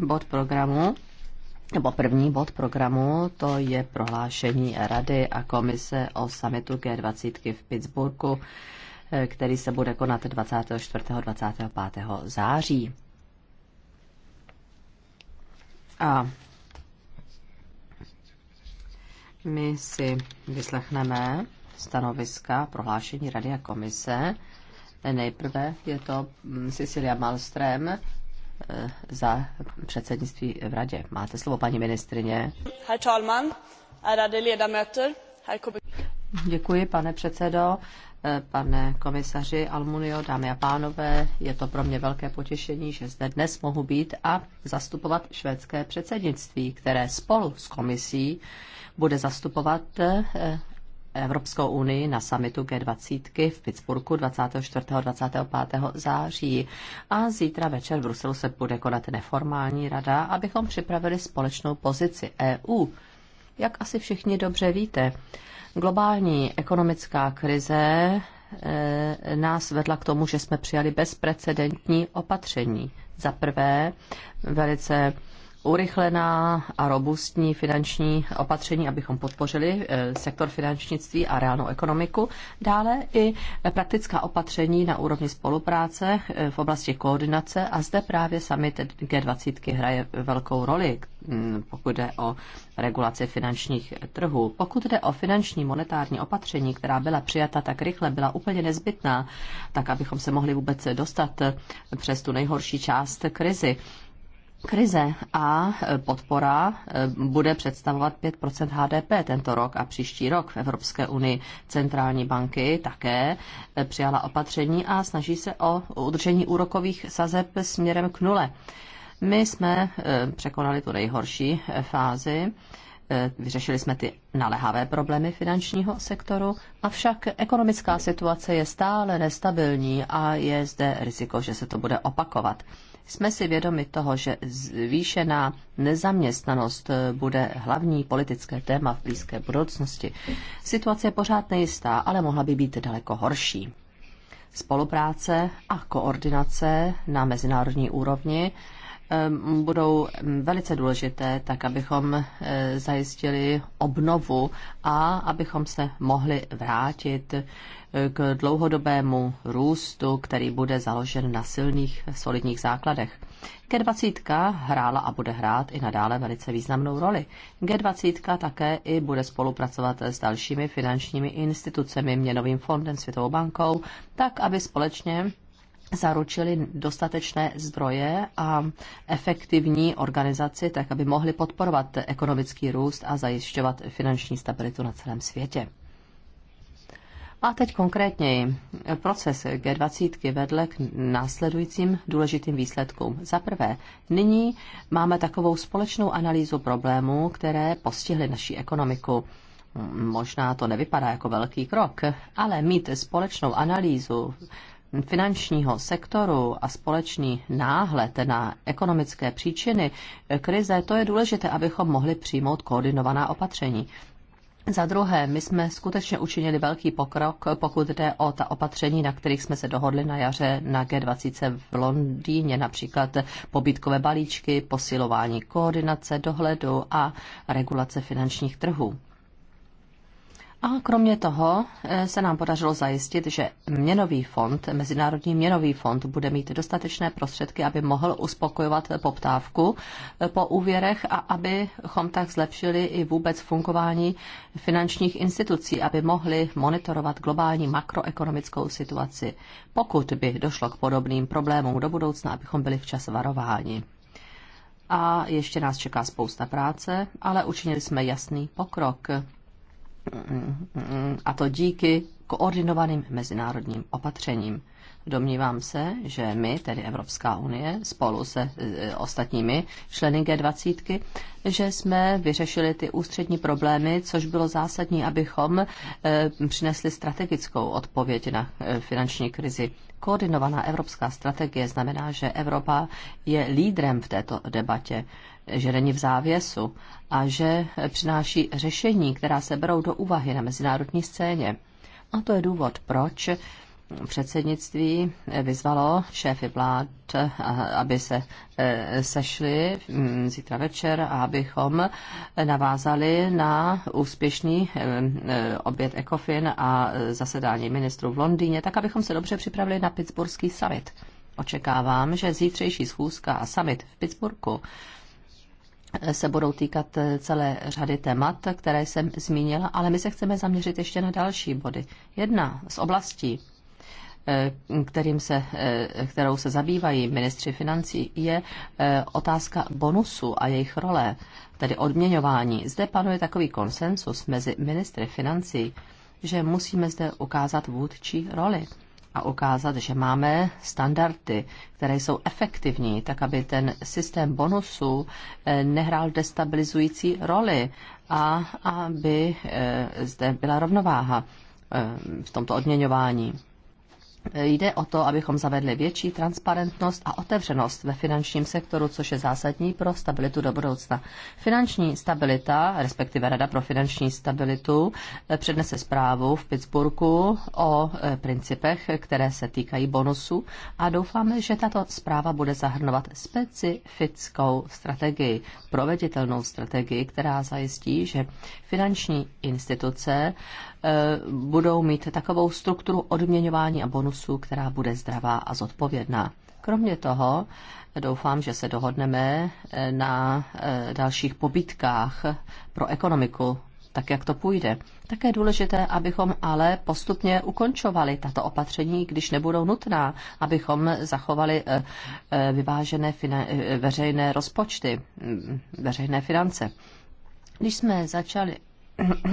bod programu, nebo první bod programu, to je prohlášení Rady a Komise o summitu G20 v Pittsburghu, eh, který se bude konat 24. 25. září. A my si vyslechneme stanoviska prohlášení Rady a Komise. Nejprve je to mm, Cecilia Malström, Eh, za předsednictví v radě. Máte slovo, paní ministrině. Herr talman, ärade ledamöter, herr Děkuji, pane předsedo, eh, pane komisaři Almunio, dámy a pánové. Je to pro mě velké potěšení, že zde dnes mohu být a zastupovat švédské předsednictví, které spolu s komisí bude zastupovat eh, Evropskou unii na samitu G20 v Pittsburghu 24. a 25. září. A zítra večer v Bruselu se bude konat neformální rada, abychom připravili společnou pozici EU. Jak asi všichni dobře víte, globální ekonomická krize eh, nás vedla k tomu, že jsme přijali bezprecedentní opatření. Za prvé, velice urychlená a robustní finanční opatření, abychom podpořili eh, sektor finančnictví a reálnou ekonomiku. Dále i praktická opatření na úrovni spolupráce eh, v oblasti koordinace a zde právě summit G20 hraje velkou roli, hm, pokud jde o regulaci finančních trhů. Pokud jde o finanční monetární opatření, která byla přijata tak rychle, byla úplně nezbytná, tak abychom se mohli vůbec dostat eh, přes tu nejhorší část krizi. Krize a e, podpora e, bude představovat 5 HDP tento rok a příští rok v Evropské unii. Centrální banky také e, přijala opatření a snaží se o udržení úrokových sazeb směrem k nule. My jsme překonali tu nejhorší fázi, vyřešili jsme ty naléhavé problémy finančního sektoru, avšak ekonomická situace je stále nestabilní a je zde riziko, že se to bude opakovat. Jsme si vědomi toho, že zvýšená nezaměstnanost eh, bude hlavní politické téma v blízké budoucnosti. Situace je pořád nejistá, ale mohla by být daleko horší. Spolupráce a koordinace na mezinárodní úrovni budou velice důležité, tak abychom eh, zajistili obnovu a abychom se mohli vrátit eh, k dlouhodobému růstu, který bude založen na silných, solidních základech. G20 hrála a bude hrát i nadále velice významnou roli. G20 také i bude spolupracovat s dalšími finančními institucemi, Měnovým fondem, Světovou bankou, tak aby společně zaručili dostatečné zdroje a efektivní organizaci, tak aby mohli podporovat ekonomický růst a zajišťovat finanční stabilitu na celém světě. A teď konkrétněji. Proces G20 vedl k následujícím důležitým výsledkům. Za prvé, nyní máme takovou společnou analýzu problémů, které postihly naši ekonomiku. Možná to nevypadá jako velký krok, ale mít společnou analýzu finančního sektoru a společný náhled na ekonomické příčiny krize, to je důležité, abychom mohli přijmout koordinovaná opatření. Za druhé, my jsme skutečně učinili velký pokrok, pokud jde o ta opatření, na kterých jsme se dohodli na jaře na G20 v Londýně, například pobytkové balíčky, posilování koordinace, dohledu a regulace finančních trhů. A kromě toho eh, se nám podařilo zajistit, že měnový fond, Mezinárodní měnový fond, bude mít dostatečné prostředky, aby mohl uspokojovat poptávku eh, po úvěrech a abychom tak zlepšili i vůbec fungování finančních institucí, aby mohli monitorovat globální makroekonomickou situaci, pokud by došlo k podobným problémům do budoucna, abychom byli včas varováni a ještě nás čeká spousta práce, ale učinili jsme jasný pokrok a to díky koordinovaným mezinárodním opatřením. Domnívám se, že my, tedy Evropská unie, spolu se e, ostatními členy G20, že jsme vyřešili ty ústřední problémy, což bylo zásadní, abychom e, přinesli strategickou odpověď na e, finanční krizi. Koordinovaná evropská strategie znamená, že Evropa je lídrem v této debatě že není v závěsu a že přináší řešení, která se berou do úvahy na mezinárodní scéně. A to je důvod, proč předsednictví vyzvalo šéfy vlád, aby se e, sešli mm, zítra večer a abychom navázali na úspěšný e, e, oběd ECOFIN a zasedání ministrů v Londýně, tak abychom se dobře připravili na Pittsburghský summit. Očekávám, že zítřejší schůzka a summit v Pittsburghu se budou týkat eh, celé řady témat, které jsem zmínila, ale my se chceme zaměřit ještě na další body. Jedna z oblastí, eh, kterým se, eh, kterou se zabývají ministři financí, je otázka bonusu a jejich role, tedy odměňování. Zde panuje takový konsensus mezi ministry financí, že musíme zde ukázat vůdčí roli a ukázat, že máme standardy, které jsou efektivní, tak aby ten systém bonusů eh, nehrál destabilizující roli a aby eh, zde byla rovnováha eh, v tomto odměňování. Jde o to, abychom zavedli větší transparentnost a otevřenost ve finančním sektoru, což je zásadní pro stabilitu do budoucna. Finanční stabilita, respektive Rada pro finanční stabilitu, přednese zprávu v Pittsburghu o e, principech, které se týkají bonusu a doufáme, že tato zpráva bude zahrnovat specifickou strategii, proveditelnou strategii, která zajistí, že finanční instituce Eh, budou mít takovou strukturu odměňování a bonusů, která bude zdravá a zodpovědná. Kromě toho doufám, že se dohodneme eh, na eh, dalších pobytkách pro ekonomiku, tak jak to půjde. Také je důležité, abychom ale postupně ukončovali tato opatření, když nebudou nutná, abychom zachovali vyvážené veřejné rozpočty, mm, veřejné finance. Když jsme začali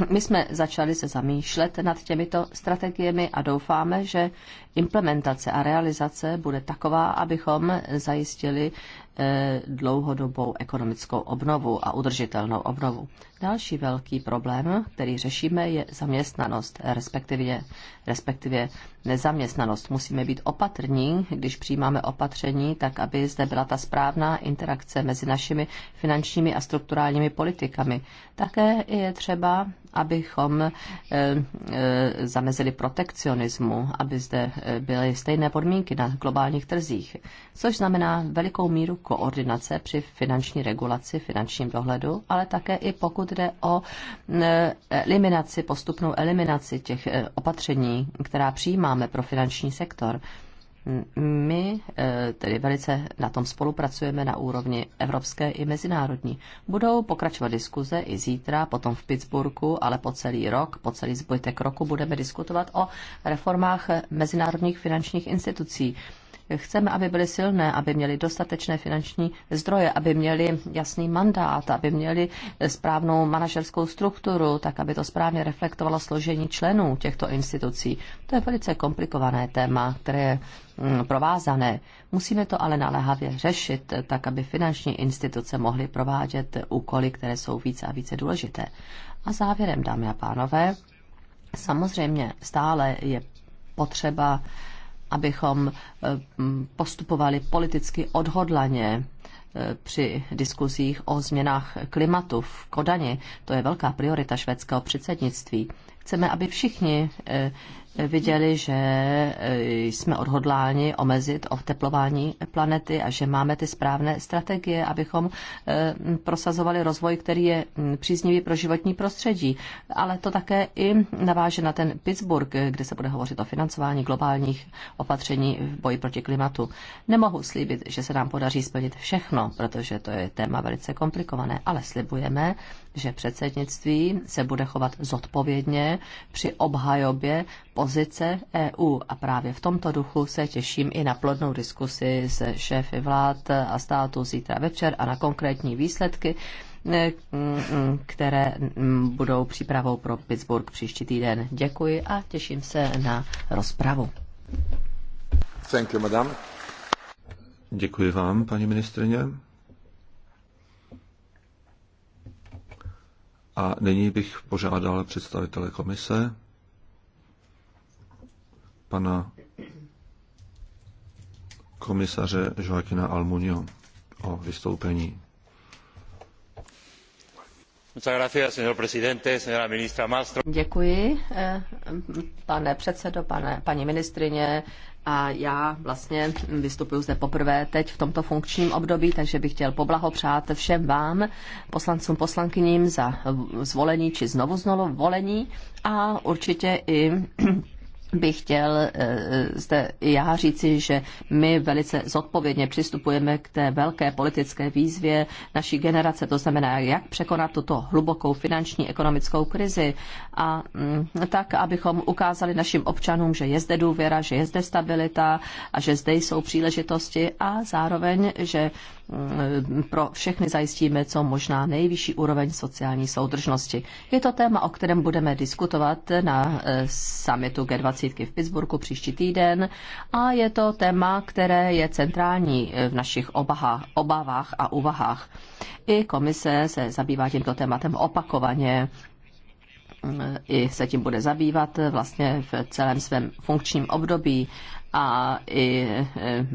my jsme začali se zamýšlet nad těmito strategiemi a doufáme, že implementace a realizace bude taková, abychom zajistili Eh, dlouhodobou ekonomickou obnovu a udržitelnou obnovu. Další velký problém, který řešíme, je zaměstnanost, respektive, respektive nezaměstnanost. Musíme být opatrní, když přijímáme opatření, tak aby zde byla ta správná interakce mezi našimi finančními a strukturálními politikami. Také je třeba abychom eh, eh, zamezili protekcionismu, aby zde eh, byly stejné podmínky na globálních trzích, což znamená velikou míru koordinace při finanční regulaci, finančním dohledu, ale také i pokud jde o eliminaci, postupnou eliminaci těch opatření, která přijímáme pro finanční sektor. My eh, tedy velice na tom spolupracujeme na úrovni evropské i mezinárodní. Budou pokračovat diskuze i zítra, potom v Pittsburghu, ale po celý rok, po celý zbytek roku budeme diskutovat o reformách mezinárodních finančních institucí. Chceme, aby byly silné, aby měly dostatečné finanční zdroje, aby měly jasný mandát, aby měly správnou manažerskou strukturu, tak aby to správně reflektovalo složení členů těchto institucí. To je velice komplikované téma, které je Mm, provázané. Musíme to ale naléhavě řešit, tak aby finanční instituce mohly provádět úkoly, které jsou více a více důležité. A závěrem, dámy a pánové, samozřejmě stále je potřeba, abychom eh, mm, postupovali politicky odhodlaně eh, při diskuzích o změnách klimatu v Kodani. To je velká priorita švédského předsednictví. Chceme, aby všichni eh, viděli, že eh, jsme odhodláni omezit oteplování planety a že máme ty správné strategie, abychom eh, prosazovali rozvoj, který je mm, příznivý pro životní prostředí. Ale to také i naváže na ten Pittsburgh, kde se bude hovořit o financování globálních opatření v boji proti klimatu. Nemohu slíbit, že se nám podaří splnit všechno, protože to je téma velice komplikované, ale slibujeme, že předsednictví se bude chovat zodpovědně při obhajobě pozice EU. A právě v tomto duchu se těším i na plodnou diskusi se šéfy vlád a státu zítra večer a na konkrétní výsledky, eh, které mm, budou přípravou pro Pittsburgh příští týden. Děkuji a těším se na rozpravu. Thank you, madam. Děkuji vám, paní ministrině. A nyní bych požádal představitele komise, pana komisaře Joaquina Almunio o vystoupení. Děkuji, eh, pane předsedo, pane, paní ministrině, a já vlastně vystupuji zde poprvé teď v tomto funkčním období, takže bych chtěl poblahopřát všem vám, poslancům, poslankyním za zvolení či znovu znovu volení a určitě i bych chtěl eh, zde já říci, že my velice zodpovědně přistupujeme k té velké politické výzvě naší generace, to znamená, jak překonat tuto hlubokou finanční ekonomickou krizi a mm, tak, abychom ukázali našim občanům, že je zde důvěra, že je zde stabilita a že zde jsou příležitosti a zároveň, že Eh, pro všechny zajistíme co možná nejvyšší úroveň sociální soudržnosti. Je to téma, o kterém budeme diskutovat na eh, summitu G20 v Pittsburghu příští týden a je to téma, které je centrální eh, v našich obavách a úvahách. I komise se zabývá tímto tématem opakovaně i se tím bude zabývat vlastně v celém svém funkčním období a i e, e,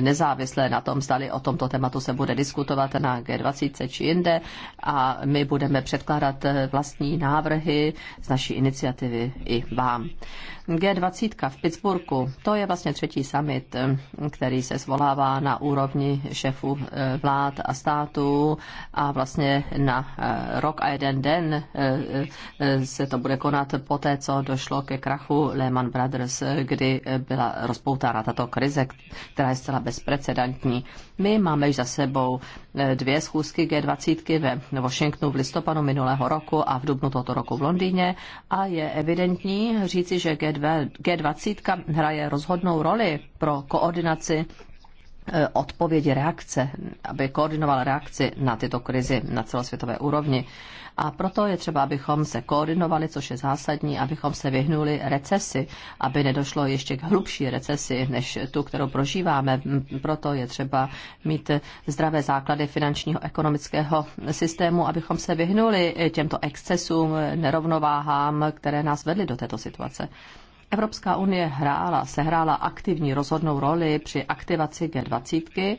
nezávisle na tom, zdali o tomto tématu se bude diskutovat na G20 či jinde a my budeme předkládat e, vlastní návrhy z naší iniciativy i vám. G20 v Pittsburghu, to je vlastně třetí summit, který se zvolává na úrovni šéfů vlád a států a vlastně na rok a jeden den se to bude konat poté, co došlo ke krachu Lehman Brothers, kdy byl byla rozpoutána tato krize, která je zcela bezprecedentní. My máme již za sebou eh, dvě schůzky G20 ve Washingtonu v listopadu minulého roku a v dubnu tohoto roku v Londýně a je evidentní říci, že G20 hraje rozhodnou roli pro koordinaci Eh, odpovědi, reakce, aby koordinoval reakci na tyto krizi na celosvětové úrovni. A proto je třeba, abychom se koordinovali, což je zásadní, abychom se vyhnuli recesi, aby nedošlo ještě k hlubší recesi, než tu, kterou prožíváme. Mm, proto je třeba mít zdravé základy finančního ekonomického systému, abychom se vyhnuli těmto excesům, nerovnováhám, které nás vedly do této situace. Evropská unie hrála, sehrála aktivní rozhodnou roli při aktivaci G20 eh,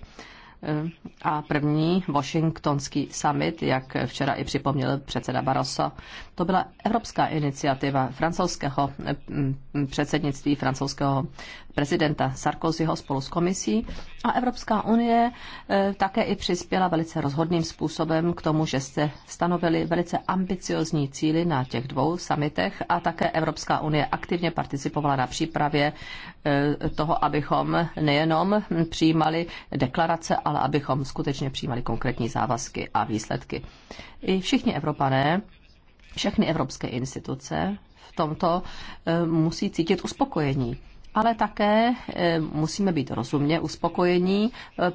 a první Washingtonský summit, jak včera i připomněl předseda Barroso, to byla evropská iniciativa francouzského mm, mm, předsednictví, francouzského prezidenta Sarkozyho spolu s komisí a Evropská unie e, také i přispěla velice rozhodným způsobem k tomu, že se stanovili velice ambiciozní cíly na těch dvou samitech a také Evropská unie aktivně participovala na přípravě e, toho, abychom nejenom přijímali deklarace, ale abychom skutečně přijímali konkrétní závazky a výsledky. I všichni Evropané všechny evropské instituce v tomto eh, musí cítit uspokojení ale také eh, musíme být rozumně uspokojení, eh,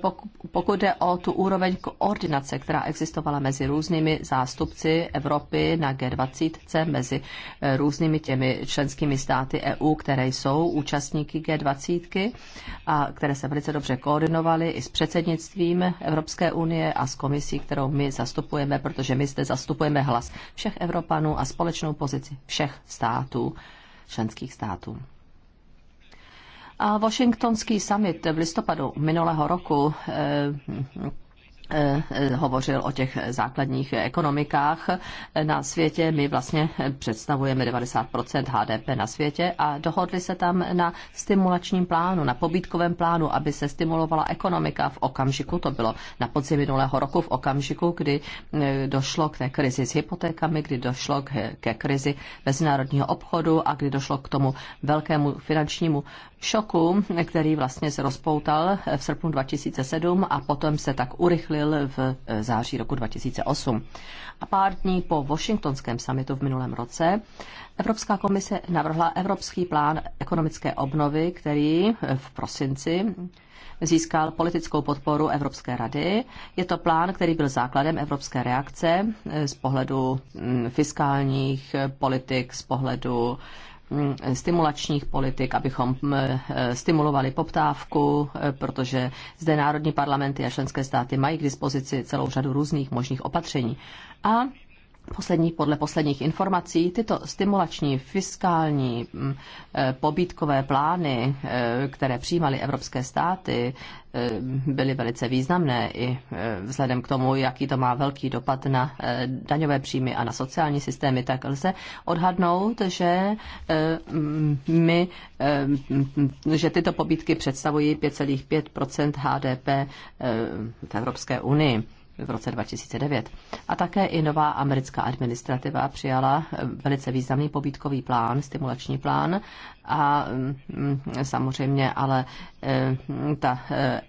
pokud jde o tu úroveň koordinace, která existovala mezi různými zástupci Evropy na G20, mezi eh, různými těmi členskými státy EU, které jsou účastníky G20 a které se velice dobře koordinovaly i s předsednictvím Evropské unie a s komisí, kterou my zastupujeme, protože my zde zastupujeme hlas všech Evropanů a společnou pozici všech států, členských států. A Washingtonský summit v listopadu minulého roku eh, Eh, eh, hovořil o těch základních ekonomikách na světě. My vlastně představujeme 90 HDP na světě a dohodli se tam na stimulačním plánu, na pobítkovém plánu, aby se stimulovala ekonomika v okamžiku, to bylo na podzim minulého roku, v okamžiku, kdy eh, došlo k té krizi s hypotékami, kdy došlo ke krizi mezinárodního obchodu a kdy došlo k tomu velkému finančnímu šoku, který vlastně se rozpoutal v srpnu 2007 a potom se tak urychlil schválil v eh, září roku 2008. A pár dní po Washingtonském summitu v minulém roce Evropská komise navrhla Evropský plán ekonomické obnovy, který eh, v prosinci získal politickou podporu Evropské rady. Je to plán, který byl základem evropské reakce eh, z pohledu mm, fiskálních politik, z pohledu Mm, stimulačních politik, abychom mm, eh, stimulovali poptávku, eh, protože zde národní parlamenty a členské státy mají k dispozici celou řadu různých možných opatření. A Poslední, podle posledních informací tyto stimulační fiskální mm, eh, pobídkové plány, eh, které přijímaly evropské státy, eh, byly velice významné i vzhledem k tomu, jaký to má velký dopad na daňové příjmy a na sociální systémy, tak lze odhadnout, že, mm, my, že tyto pobídky představují 5,5 HDP v Evropské unii v roce 2009. A také i nová americká administrativa přijala eh, velice významný pobídkový plán, stimulační plán a mm, samozřejmě ale eh, ta eh,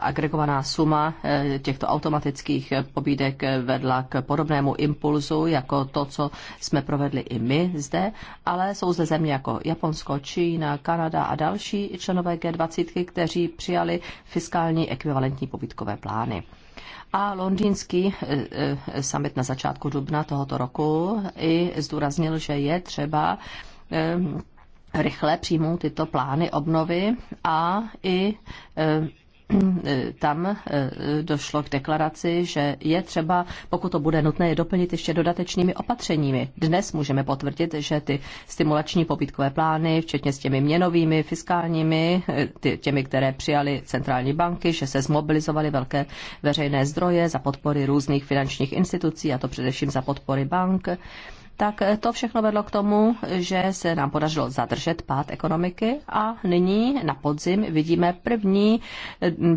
agregovaná suma těchto automatických pobídek vedla k podobnému impulzu jako to, co jsme provedli i my zde, ale jsou zde země jako Japonsko, Čína, Kanada a další členové G20, kteří přijali fiskální ekvivalentní pobídkové plány. A londýnský eh, eh, summit na začátku dubna tohoto roku i zdůraznil, že je třeba eh, rychle přijmout tyto plány obnovy a i tam eh, došlo k deklaraci, že je třeba, pokud to bude nutné, je doplnit ještě dodatečnými opatřeními. Dnes můžeme potvrdit, že ty stimulační pobytkové plány, včetně s těmi měnovými, fiskálními, eh, ty, těmi, které přijali centrální banky, že se zmobilizovaly velké veřejné zdroje za podpory různých finančních institucí, a to především za podpory bank, tak to všechno vedlo k tomu, že se nám podařilo zadržet pád ekonomiky a nyní na podzim vidíme první,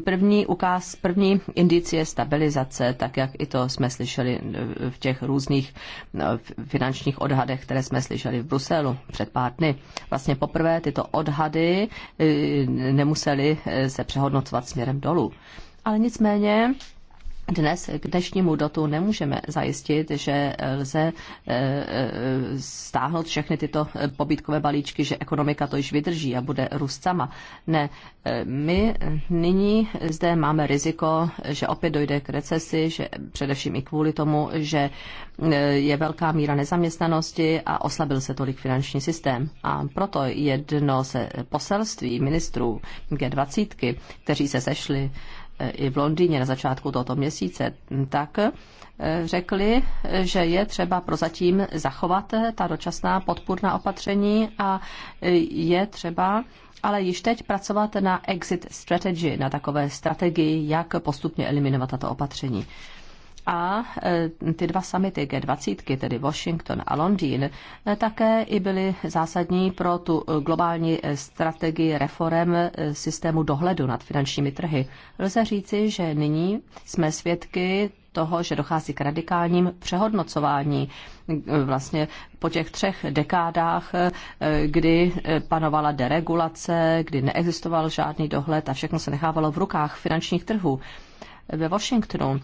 první ukáz, první indicie stabilizace, tak jak i to jsme slyšeli v těch různých no, finančních odhadech, které jsme slyšeli v Bruselu před pár dny. Vlastně poprvé tyto odhady e, nemuseli e, se přehodnocovat směrem dolů. Ale nicméně dnes k dnešnímu datu nemůžeme zajistit, že lze eh, eh, stáhnout všechny tyto pobytkové balíčky, že ekonomika to již vydrží a bude růst sama. Ne, eh, my nyní zde máme riziko, že opět dojde k recesi, že především i kvůli tomu, že je velká míra nezaměstnanosti a oslabil se tolik finanční systém. A proto jedno se poselství ministrů G20, kteří se sešli i v Londýně na začátku tohoto měsíce, mm, tak e, řekli, že je třeba prozatím zachovat ta dočasná podpůrná opatření a e, je třeba ale již teď pracovat na exit strategy, na takové strategii, jak postupně eliminovat tato opatření. A e, ty dva samity G20, tedy Washington a Londýn, e, také i byly zásadní pro tu globální e, strategii reform systému dohledu nad finančními trhy. Lze říci, že nyní jsme svědky toho, že dochází k radikálním přehodnocování. Vlastně po těch třech dekádách, kdy panovala deregulace, kdy neexistoval žádný dohled a všechno se nechávalo v rukách finančních trhů. Ve Washingtonu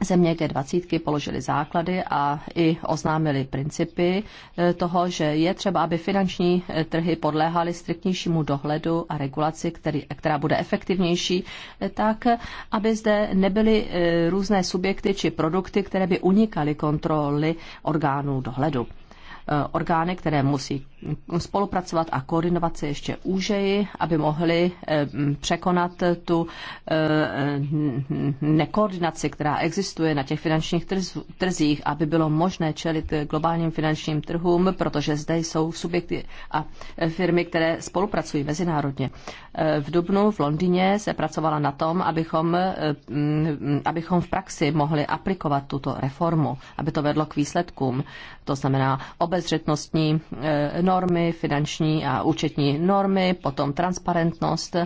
Země G20 položili základy a i oznámili principy eh, toho, že je třeba, aby finanční eh, trhy podléhaly striktnějšímu dohledu a regulaci, který, která bude efektivnější, eh, tak aby zde nebyly různé subjekty či produkty, které by unikaly kontroly orgánů dohledu orgány, které musí spolupracovat a koordinovat se ještě úžeji, aby mohli eh, překonat tu eh, nekoordinaci, která existuje na těch finančních trzích, aby bylo možné čelit globálním finančním trhům, protože zde jsou subjekty a firmy, které spolupracují mezinárodně. Eh, v Dubnu v Londýně se pracovala na tom, abychom, abychom v praxi mohli aplikovat tuto reformu, aby to vedlo k výsledkům. To znamená obezřetnostní normy, finanční a účetní normy, potom transparentnost,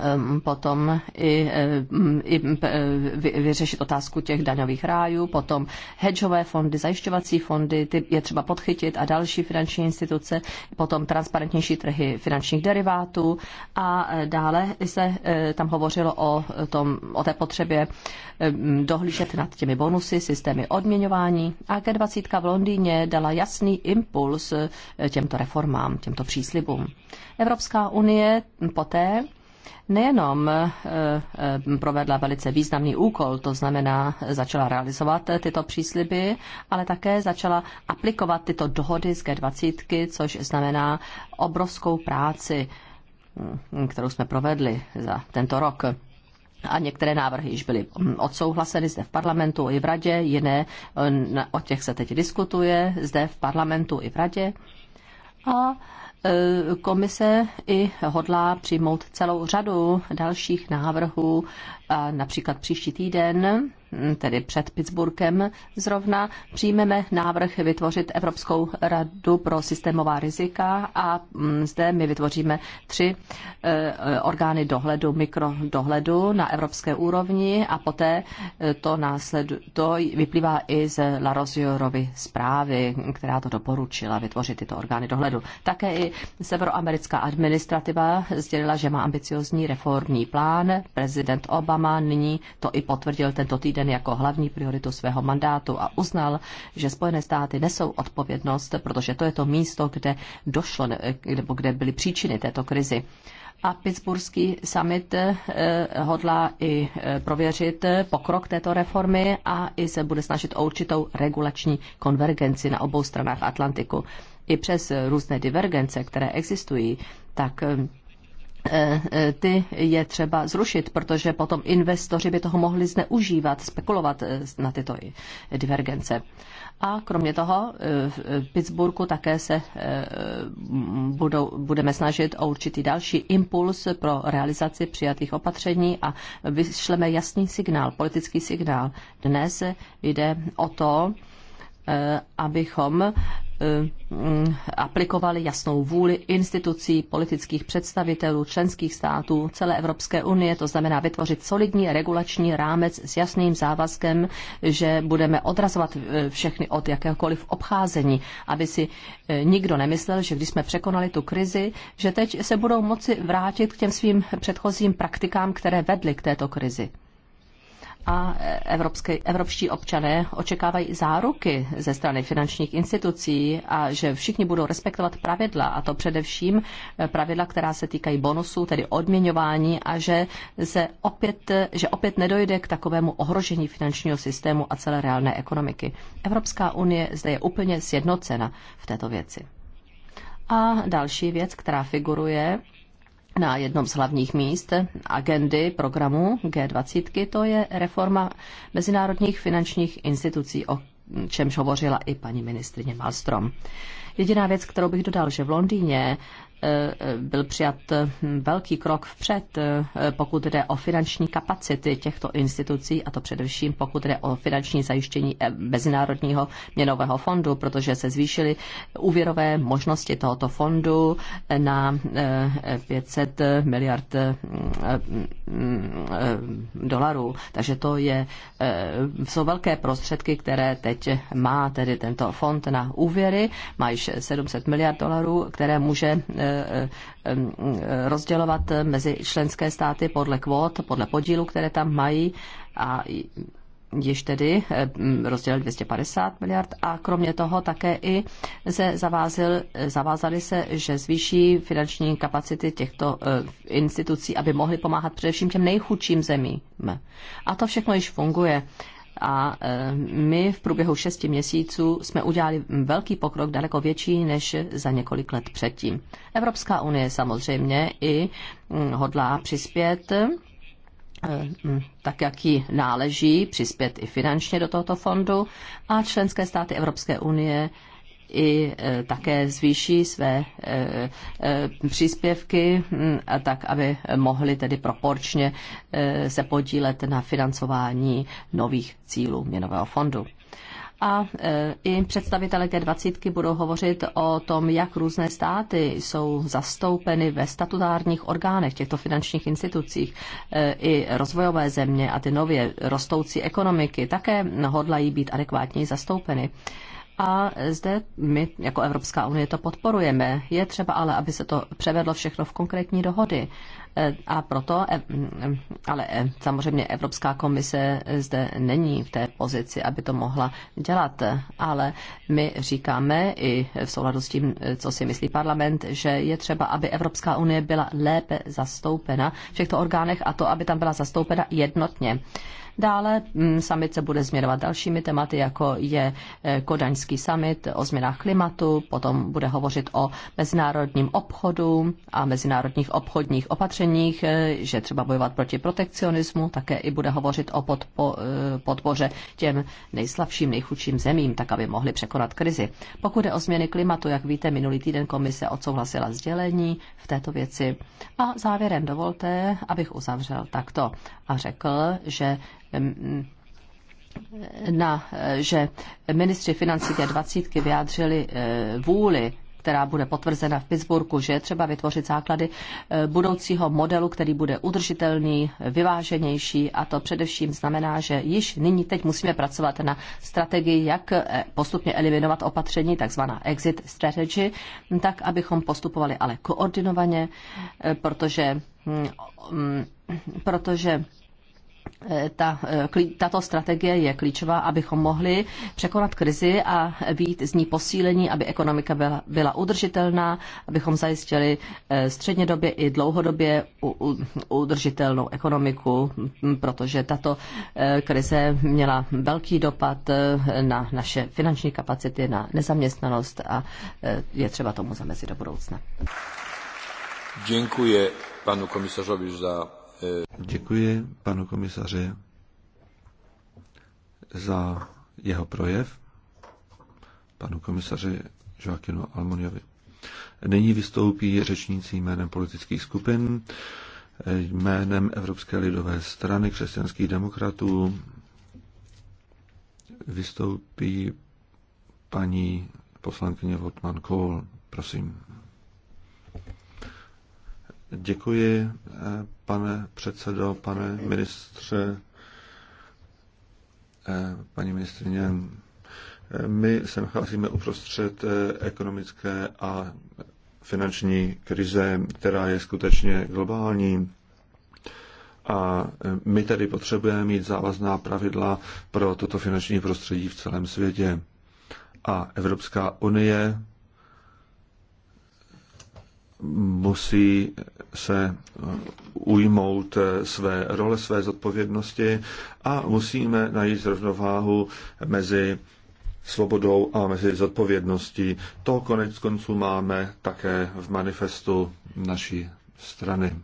Ehm, potom i, ehm, i ehm, vyřešit otázku těch daňových rájů, potom hedžové fondy, zajišťovací fondy, ty je třeba podchytit a další finanční instituce, potom transparentnější trhy finančních derivátů a eh, dále se eh, tam hovořilo o, tom, o té potřebě dohlížet nad těmi bonusy, systémy odměňování a G20 v Londýně dala jasný impuls eh, těmto reformám, těmto příslibům. Evropská unie poté nejenom eh, eh, provedla velice významný úkol, to znamená začala realizovat tyto přísliby, ale také začala aplikovat tyto dohody z G20, což znamená obrovskou práci, hm, kterou jsme provedli za tento rok a některé návrhy již byly hm, odsouhlaseny zde v parlamentu i v radě, jiné eh, o těch se teď diskutuje zde v parlamentu i v radě. A Eh, komise i hodlá přijmout celou řadu dalších návrhů, eh, například příští týden tedy před Pittsburghem zrovna, přijmeme návrh vytvořit Evropskou radu pro systémová rizika a mm, zde my vytvoříme tři eh, orgány dohledu, mikrodohledu na evropské úrovni a poté eh, to, následu, to vyplývá i z Larosiorovy zprávy, která to doporučila vytvořit tyto orgány dohledu. Také i severoamerická administrativa sdělila, že má ambiciozní reformní plán. Prezident Obama nyní to i potvrdil tento týden uveden jako hlavní prioritu svého mandátu a uznal, že Spojené státy nesou odpovědnost, protože to je to místo, kde došlo, nebo kde byly příčiny této krizi. A Pittsburghský summit eh, hodlá i eh, prověřit pokrok této reformy a i se bude snažit o určitou regulační konvergenci na obou stranách Atlantiku. I přes různé divergence, které existují, tak eh, Eh, eh, ty je třeba zrušit, protože potom investoři by toho mohli zneužívat, spekulovat eh, na tyto divergence. A kromě toho v Pittsburghu také se budou, budeme snažit o určitý další impuls pro realizaci přijatých opatření a vyšleme jasný signál, politický signál. Dnes jde o to, Eh, abychom eh, mm, aplikovali jasnou vůli institucí, politických představitelů, členských států, celé Evropské unie, to znamená vytvořit solidní regulační rámec s jasným závazkem, že budeme odrazovat eh, všechny od jakéhokoliv obcházení, aby si nikdo nemyslel, že když jsme překonali tu krizi, že teď se budou moci vrátit k těm svým předchozím praktikám, které vedly k této krizi a evropské, evropští občané očekávají záruky ze strany finančních institucí a že všichni budou respektovat pravidla, a to především eh, pravidla, která se týkají bonusů, tedy odměňování, a že se opět, že opět nedojde k takovému ohrožení finančního systému a celé reálné ekonomiky. Evropská unie zde je úplně sjednocena v této věci. A další věc, která figuruje na jednom z hlavních míst agendy programu G20, to je reforma mezinárodních finančních institucí, o čemž hovořila i paní ministrině Malstrom. Jediná věc, kterou bych dodal, že v Londýně Eh, byl přijat hm, velký krok vpřed, eh, pokud jde o finanční kapacity těchto institucí, a to především pokud jde o finanční zajištění eh, Mezinárodního měnového fondu, protože se zvýšily úvěrové možnosti tohoto fondu na 500 miliard hm, dolarů. Takže to je, jsou velké prostředky, které teď má tedy tento fond na úvěry, má již 700 miliard dolarů, které může Eh, eh, rozdělovat mezi členské státy podle kvót, podle podílu, které tam mají a již tedy eh, rozdělil 250 miliard a kromě toho také i se zavázil, zavázali se, že zvýší finanční kapacity těchto institucí, aby mohly pomáhat především těm nejchudším zemím. A to všechno již funguje a e, my v průběhu šesti měsíců jsme udělali velký pokrok, daleko větší než za několik let předtím. Evropská unie samozřejmě i mm, hodlá přispět e, mm, tak, jak ji náleží, přispět i finančně do tohoto fondu a členské státy Evropské unie i e, také zvýší své e, e, příspěvky, hm, a tak aby mohli tedy proporčně se podílet na financování nových cílů měnového fondu a i představitelé G20 budou hovořit o tom, jak různé státy jsou zastoupeny ve statutárních orgánech těchto finančních institucích. I rozvojové země a ty nově rostoucí ekonomiky také hodlají být adekvátně zastoupeny a zde my jako Evropská unie to podporujeme. Je třeba ale, aby se to převedlo všechno v konkrétní dohody. E, a proto, e, mm, ale e, samozřejmě Evropská komise zde není v té pozici, aby to mohla dělat. Ale my říkáme i v souladu s tím, co si myslí parlament, že je třeba, aby Evropská unie byla lépe zastoupena v těchto orgánech a to, aby tam byla zastoupena jednotně. Dále mm, summit se bude změnovat dalšími tématy, jako je e, Kodaňský summit o změnách klimatu, potom bude hovořit o mezinárodním obchodu a mezinárodních obchodních opatřeních, e, že třeba bojovat proti protekcionismu, také i bude hovořit o podpo, e, podpoře těm nejslabším, nejchudším zemím, tak aby mohli překonat krizi. Pokud je o změny klimatu, jak víte, minulý týden komise odsouhlasila sdělení v této věci. A závěrem dovolte, abych uzavřel takto a řekl, že na, že ministři financí té dvacítky vyjádřili eh, vůli která bude potvrzena v Pittsburghu, že je třeba vytvořit základy eh, budoucího modelu, který bude udržitelný, vyváženější a to především znamená, že již nyní teď musíme pracovat na strategii, jak eh, postupně eliminovat opatření, takzvaná exit strategy, tak abychom postupovali ale koordinovaně, protože hm, hm, protože ta, tato strategie je klíčová, abychom mohli překonat krizi a být z ní posílení, aby ekonomika byla, byla udržitelná, abychom zajistili eh, střednědobě i dlouhodobě udržitelnou ekonomiku, protože tato eh, krize měla velký dopad eh, na naše finanční kapacity, na nezaměstnanost a je třeba tomu zamezit do budoucna. Děkuji panu komisařovi za Děkuji panu komisaři za jeho projev, panu komisaři Joaquinu Almoniovi. Nyní vystoupí řečníci jménem politických skupin, jménem Evropské lidové strany křesťanských demokratů. Vystoupí paní poslankyně Votman Kohl. Prosím. Děkuji, eh, pane předsedo, pane ministře, eh, paní ministrině. Eh, my se nacházíme uprostřed ekonomické a finanční krize, která je skutečně globální. A my tedy potřebujeme mít závazná pravidla pro toto finanční prostředí v celém světě. A Evropská unie musí se ujmout své role, své zodpovědnosti a musíme najít rovnováhu mezi svobodou a mezi zodpovědností. To konec konců máme také v manifestu naší strany.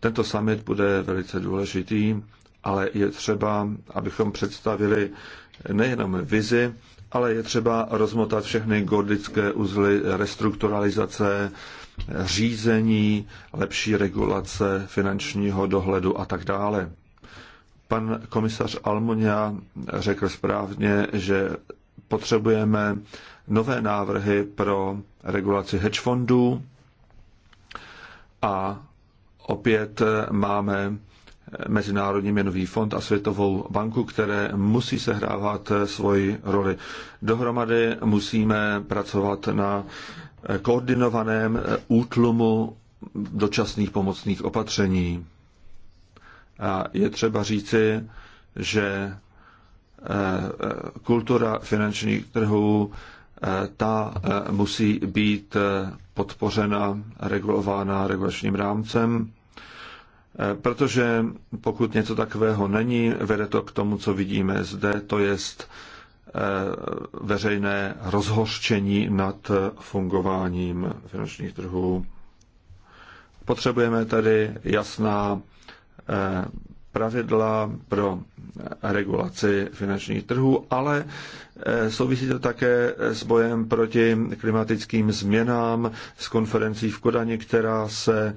Tento summit bude velice důležitý, ale je třeba, abychom představili nejenom vizi, ale je třeba rozmotat všechny gordické uzly restrukturalizace, řízení, lepší regulace finančního dohledu a tak dále. Pan komisař Almunia řekl správně, že potřebujeme nové návrhy pro regulaci hedge fondů a opět máme Mezinárodní měnový fond a Světovou banku, které musí sehrávat svoji roli. Dohromady musíme pracovat na koordinovaném útlumu dočasných pomocných opatření. A je třeba říci, že eh, kultura finančních trhů eh, ta eh, musí být podpořena, regulována regulačním rámcem, protože pokud něco takového není, vede to k tomu, co vidíme zde, to jest Eh, veřejné rozhořčení nad fungováním finančních trhů. Potřebujeme tady jasná eh, pravidla pro regulaci finančních trhů, ale eh, souvisí to také s bojem proti klimatickým změnám, s konferencí v Kodani, která se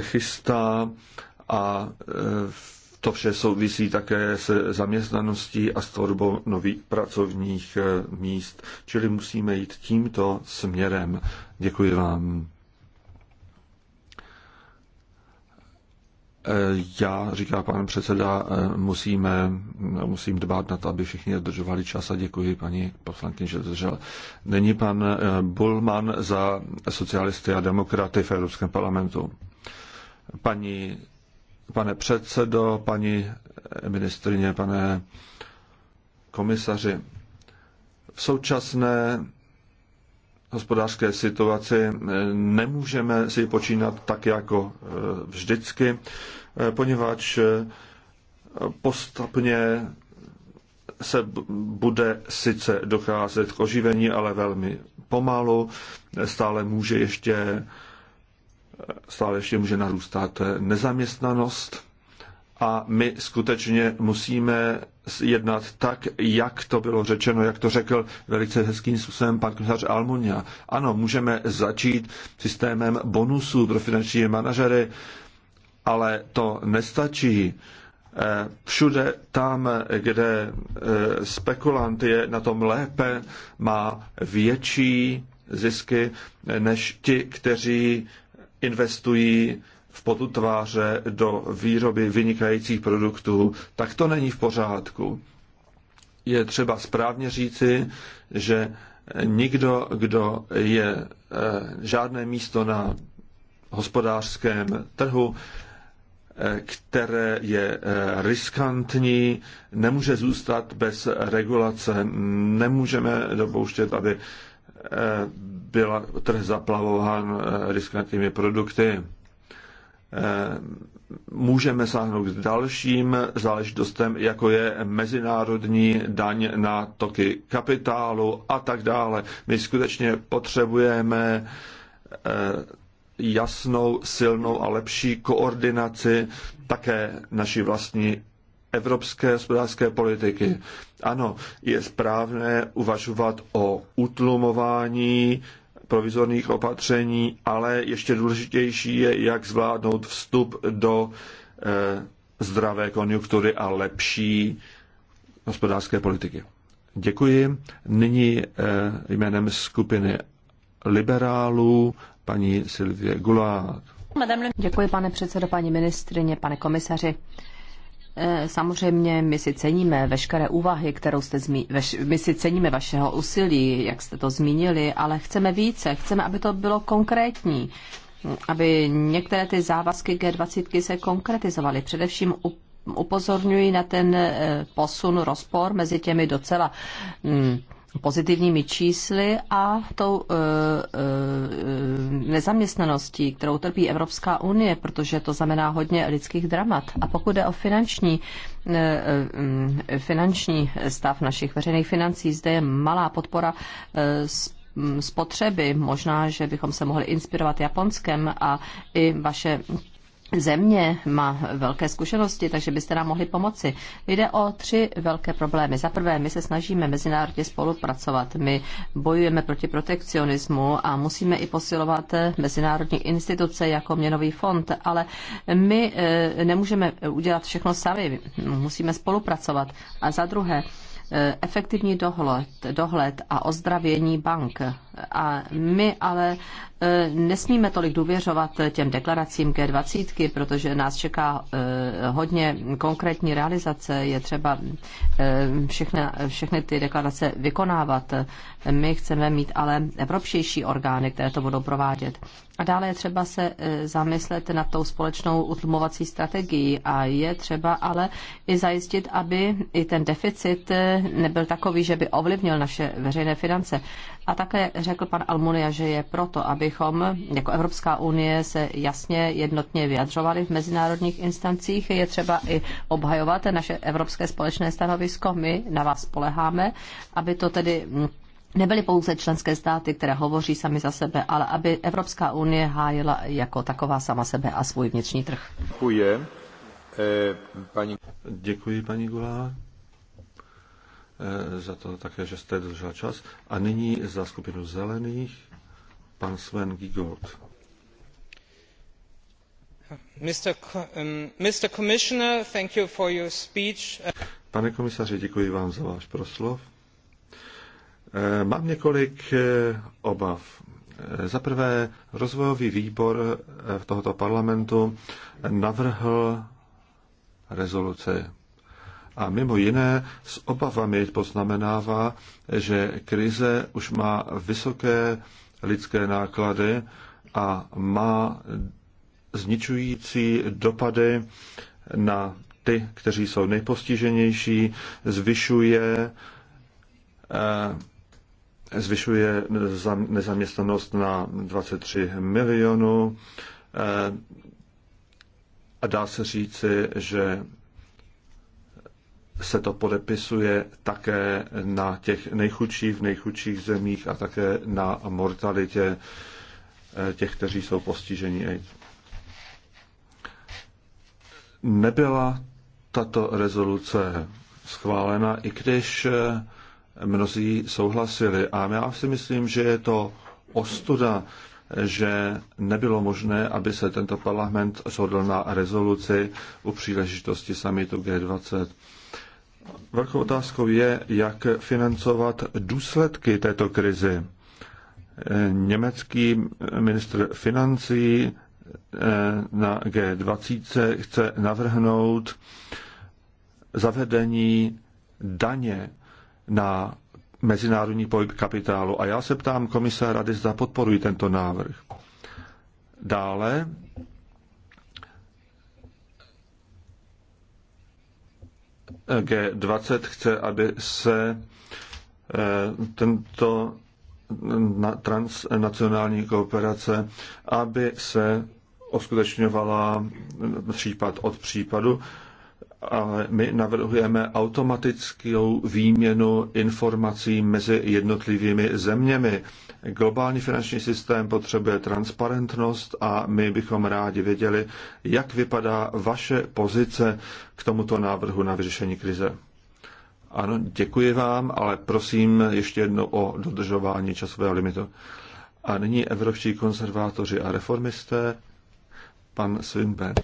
chystá a v to vše souvisí také se zaměstnaností a s tvorbou nových pracovních eh, míst, čili musíme jít tímto směrem. Děkuji vám. Eh, já, říká pan předseda, eh, musíme, musím dbát na to, aby všichni dodržovali čas a děkuji paní poslankyni, že držel. Není pan Bulman za socialisty a demokraty v Evropském parlamentu. Paní pane předsedo, paní ministrině, pane komisaři. V současné hospodářské situaci nemůžeme si počínat tak jako e, vždycky, e, poněvadž e, postupně se bude sice docházet k oživení, ale velmi pomalu. Stále může ještě stále ještě může narůstat nezaměstnanost a my skutečně musíme jednat tak, jak to bylo řečeno, jak to řekl velice hezkým způsobem pan komisař Almunia. Ano, můžeme začít systémem bonusů pro finanční manažery, ale to nestačí. Eh, všude tam, kde eh, spekulant je na tom lépe, má větší zisky než ti, kteří investují v potu tváře do výroby vynikajících produktů, tak to není v pořádku. Je třeba správně říci, že nikdo, kdo je eh, žádné místo na hospodářském trhu, eh, které je eh, riskantní, nemůže zůstat bez regulace. Nemůžeme dopouštět, aby Eh, byl trh zaplavován eh, riskantními produkty. Eh, můžeme sáhnout k dalším záležitostem, jako je mezinárodní daň na toky kapitálu a tak dále. My skutečně potřebujeme jasnou, silnou a lepší koordinaci také naší vlastní evropské hospodářské politiky. Ano, je správné uvažovat o utlumování provizorních opatření, ale ještě důležitější je, jak zvládnout vstup do eh, zdravé konjunktury a lepší hospodářské politiky. Děkuji. Nyní eh, jménem skupiny liberálů paní Silvie Goulart. Děkuji, pane předsedo, paní ministrině, pane komisaři. Eh, samozřejmě my si ceníme veškeré úvahy, kterou jste zmi- veš- my si ceníme vašeho úsilí, jak jste to zmínili, ale chceme více, chceme, aby to bylo konkrétní, aby některé ty závazky G20 se konkretizovaly. Především upozorňuji na ten eh, posun, rozpor mezi těmi docela hm, pozitivními čísly a tou e, e, nezaměstnaností, kterou trpí Evropská unie, protože to znamená hodně lidských dramat. A pokud jde o finanční, e, e finanční stav našich veřejných financí, zde je malá podpora e, spotřeby. Možná, že bychom se mohli inspirovat Japonskem a i vaše země má velké zkušenosti, takže byste nám mohli pomoci. Jde o tři velké problémy. Za prvé, my se snažíme mezinárodně spolupracovat. My bojujeme proti protekcionismu a musíme i posilovat mezinárodní instituce jako Měnový fond, ale my eh, nemůžeme udělat všechno sami. Musíme spolupracovat. A za druhé, eh, efektivní dohled, dohled a ozdravění bank. A my ale e, nesmíme tolik důvěřovat těm deklaracím G20, protože nás čeká e, hodně konkrétní realizace. Je třeba e, všechny, všechny ty deklarace vykonávat. My chceme mít ale evropštější orgány, které to budou provádět. A dále je třeba se zamyslet nad tou společnou utlumovací strategií a je třeba ale i zajistit, aby i ten deficit nebyl takový, že by ovlivnil naše veřejné finance. A také řekl pan Almunia, že je proto, abychom jako Evropská unie se jasně jednotně vyjadřovali v mezinárodních instancích. Je třeba i obhajovat naše evropské společné stanovisko. My na vás spoleháme, aby to tedy nebyly pouze členské státy, které hovoří sami za sebe, ale aby Evropská unie hájila jako taková sama sebe a svůj vnitřní trh. Děkuji, paní... Děkuji, paní Gulá. Eh, za to také, že jste držel čas. A nyní za skupinu zelených pan Sven Gigold. Mr. Commissioner, thank you for your speech. Pane komisaři, děkuji vám za váš proslov. Eh, mám několik eh, obav. Za prvé, rozvojový výbor tohoto parlamentu navrhl rezoluce a mimo jiné s obavami poznamenává, že krize už má vysoké lidské náklady a má zničující dopady na ty, kteří jsou nejpostiženější, zvyšuje eh, zvyšuje nezaměstnanost na 23 milionů eh, a dá se říci, že se to podepisuje také na těch nejchudších v nejchudších zemích a také na mortalitě eh, těch, kteří jsou postiženi AIDS. Nebyla tato rezoluce schválena, i když eh, mnozí souhlasili. A já si myslím, že je to ostuda, že nebylo možné, aby se tento parlament shodl na rezoluci u příležitosti samitu G20. Velkou otázkou je, jak financovat důsledky této krizi. Německý ministr financí eh, na G20 chce navrhnout zavedení daně na mezinárodní pohyb kapitálu. A já se ptám komise rady, zda podporují tento návrh. Dále G20 chce, aby se eh, tento transnacionální kooperace, aby se oskutečňovala případ od případu ale my navrhujeme automatickou výměnu informací mezi jednotlivými zeměmi. Globální finanční systém potřebuje transparentnost a my bychom rádi věděli, jak vypadá vaše pozice k tomuto návrhu na vyřešení krize. Ano, děkuji vám, ale prosím ještě jednou o dodržování časového limitu. A nyní evropští konzervátoři a reformisté, pan Svinberg.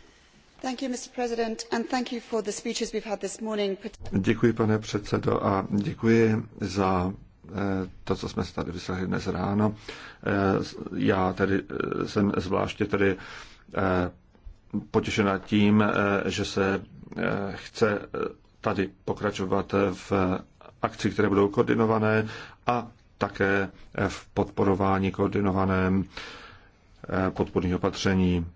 Děkuji, pane předsedo, a děkuji za eh, to, co jsme se tady vyslechli dnes ráno. Eh, já tedy eh, jsem zvláště tedy potěšena tím, že se chce tady pokračovat v akci, které budou koordinované a také v podporování koordinovaném podporných opatření.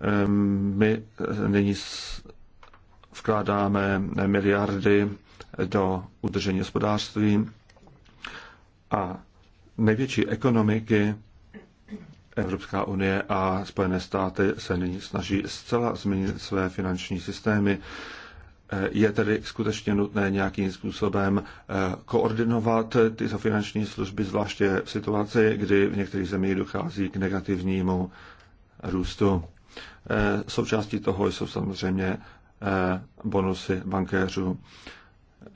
Ehm, my eh, nyní vkládáme miliardy do udržení hospodářství a největší ekonomiky Evropská unie a Spojené státy se nyní snaží zcela změnit své finanční systémy. Eh, je tedy skutečně nutné nějakým způsobem eh, koordinovat tyto finanční služby, zvláště v situaci, kdy v některých zemích dochází k negativnímu růstu. Eh, součástí toho jsou samozřejmě eh, bonusy bankéřů.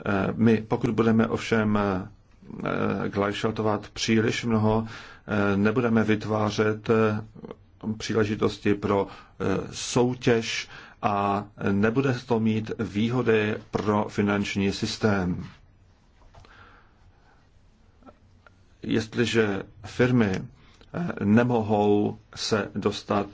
Eh, my, pokud budeme ovšem glajšaltovat příliš mnoho, nebudeme vytvářet příležitosti pro soutěž a nebude to mít výhody pro finanční systém. Jestliže firmy nemohou se dostat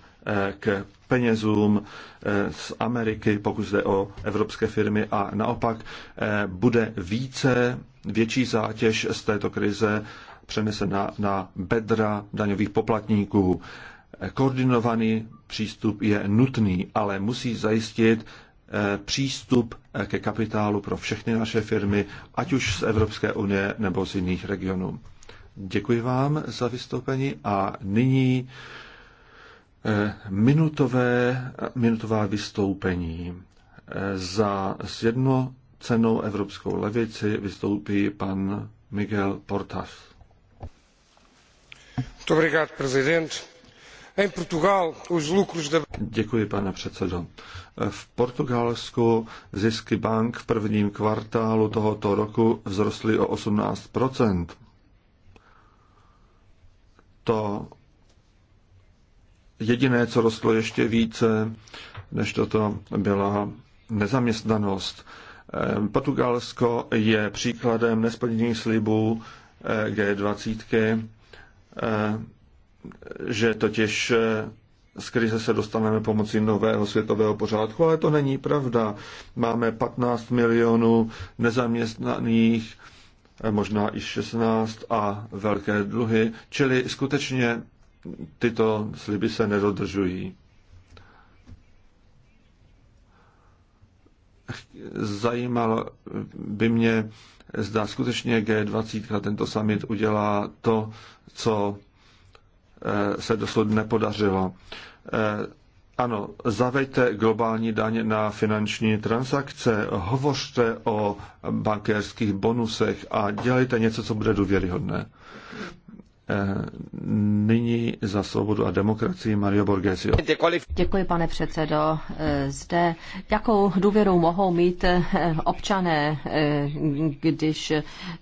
k penězům eh, z Ameriky, pokud jde o evropské firmy a naopak eh, bude více, větší zátěž z této krize přenesena na bedra daňových poplatníků. Eh, koordinovaný přístup je nutný, ale musí zajistit přístup ke kapitálu pro všechny naše firmy, ať už z Evropské unie nebo z jiných regionů. Děkuji vám za vystoupení a nyní Eh, minutové, minutová vystoupení. Eh, za sjednocenou evropskou levici vystoupí pan Miguel Portas. Děkuji, pane předsedo. Eh, v Portugalsku zisky bank v prvním kvartálu tohoto roku vzrostly o 18 To jediné, co rostlo ještě více než toto, byla nezaměstnanost. Ehm, Portugalsko je příkladem nesplněných slibů ehm, G20, ehm, že totiž z krize se dostaneme pomocí nového světového pořádku, ale to není pravda. Máme 15 milionů nezaměstnaných, možná i 16 a velké dluhy, čili skutečně tyto sliby se nedodržují. Zajímalo by mě, zda skutečně G20 tento summit udělá to, co eh, se dosud nepodařilo. Eh, ano, zaveďte globální daň na finanční transakce, hovořte o bankérských bonusech a dělejte něco, co bude důvěryhodné. Eh, nyní za svobodu a demokracii Mario Borgesio. Děkuji, pane předsedo. Eh, zde jakou důvěru mohou mít eh, občané, když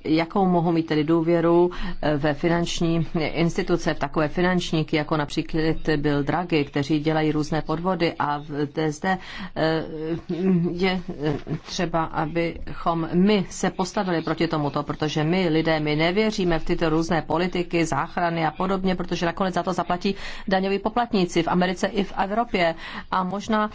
jakou mohou mít tedy důvěru ve finanční instituce, v takové finančníky, jako například byl Draghi, kteří dělají různé podvody a zde je třeba, abychom my se postavili proti tomuto, protože my lidé, my nevěříme v tyto různé politiky, záchrany a podobně, protože nakonec za to zaplatí daňoví poplatníci v Americe i v Evropě. A možná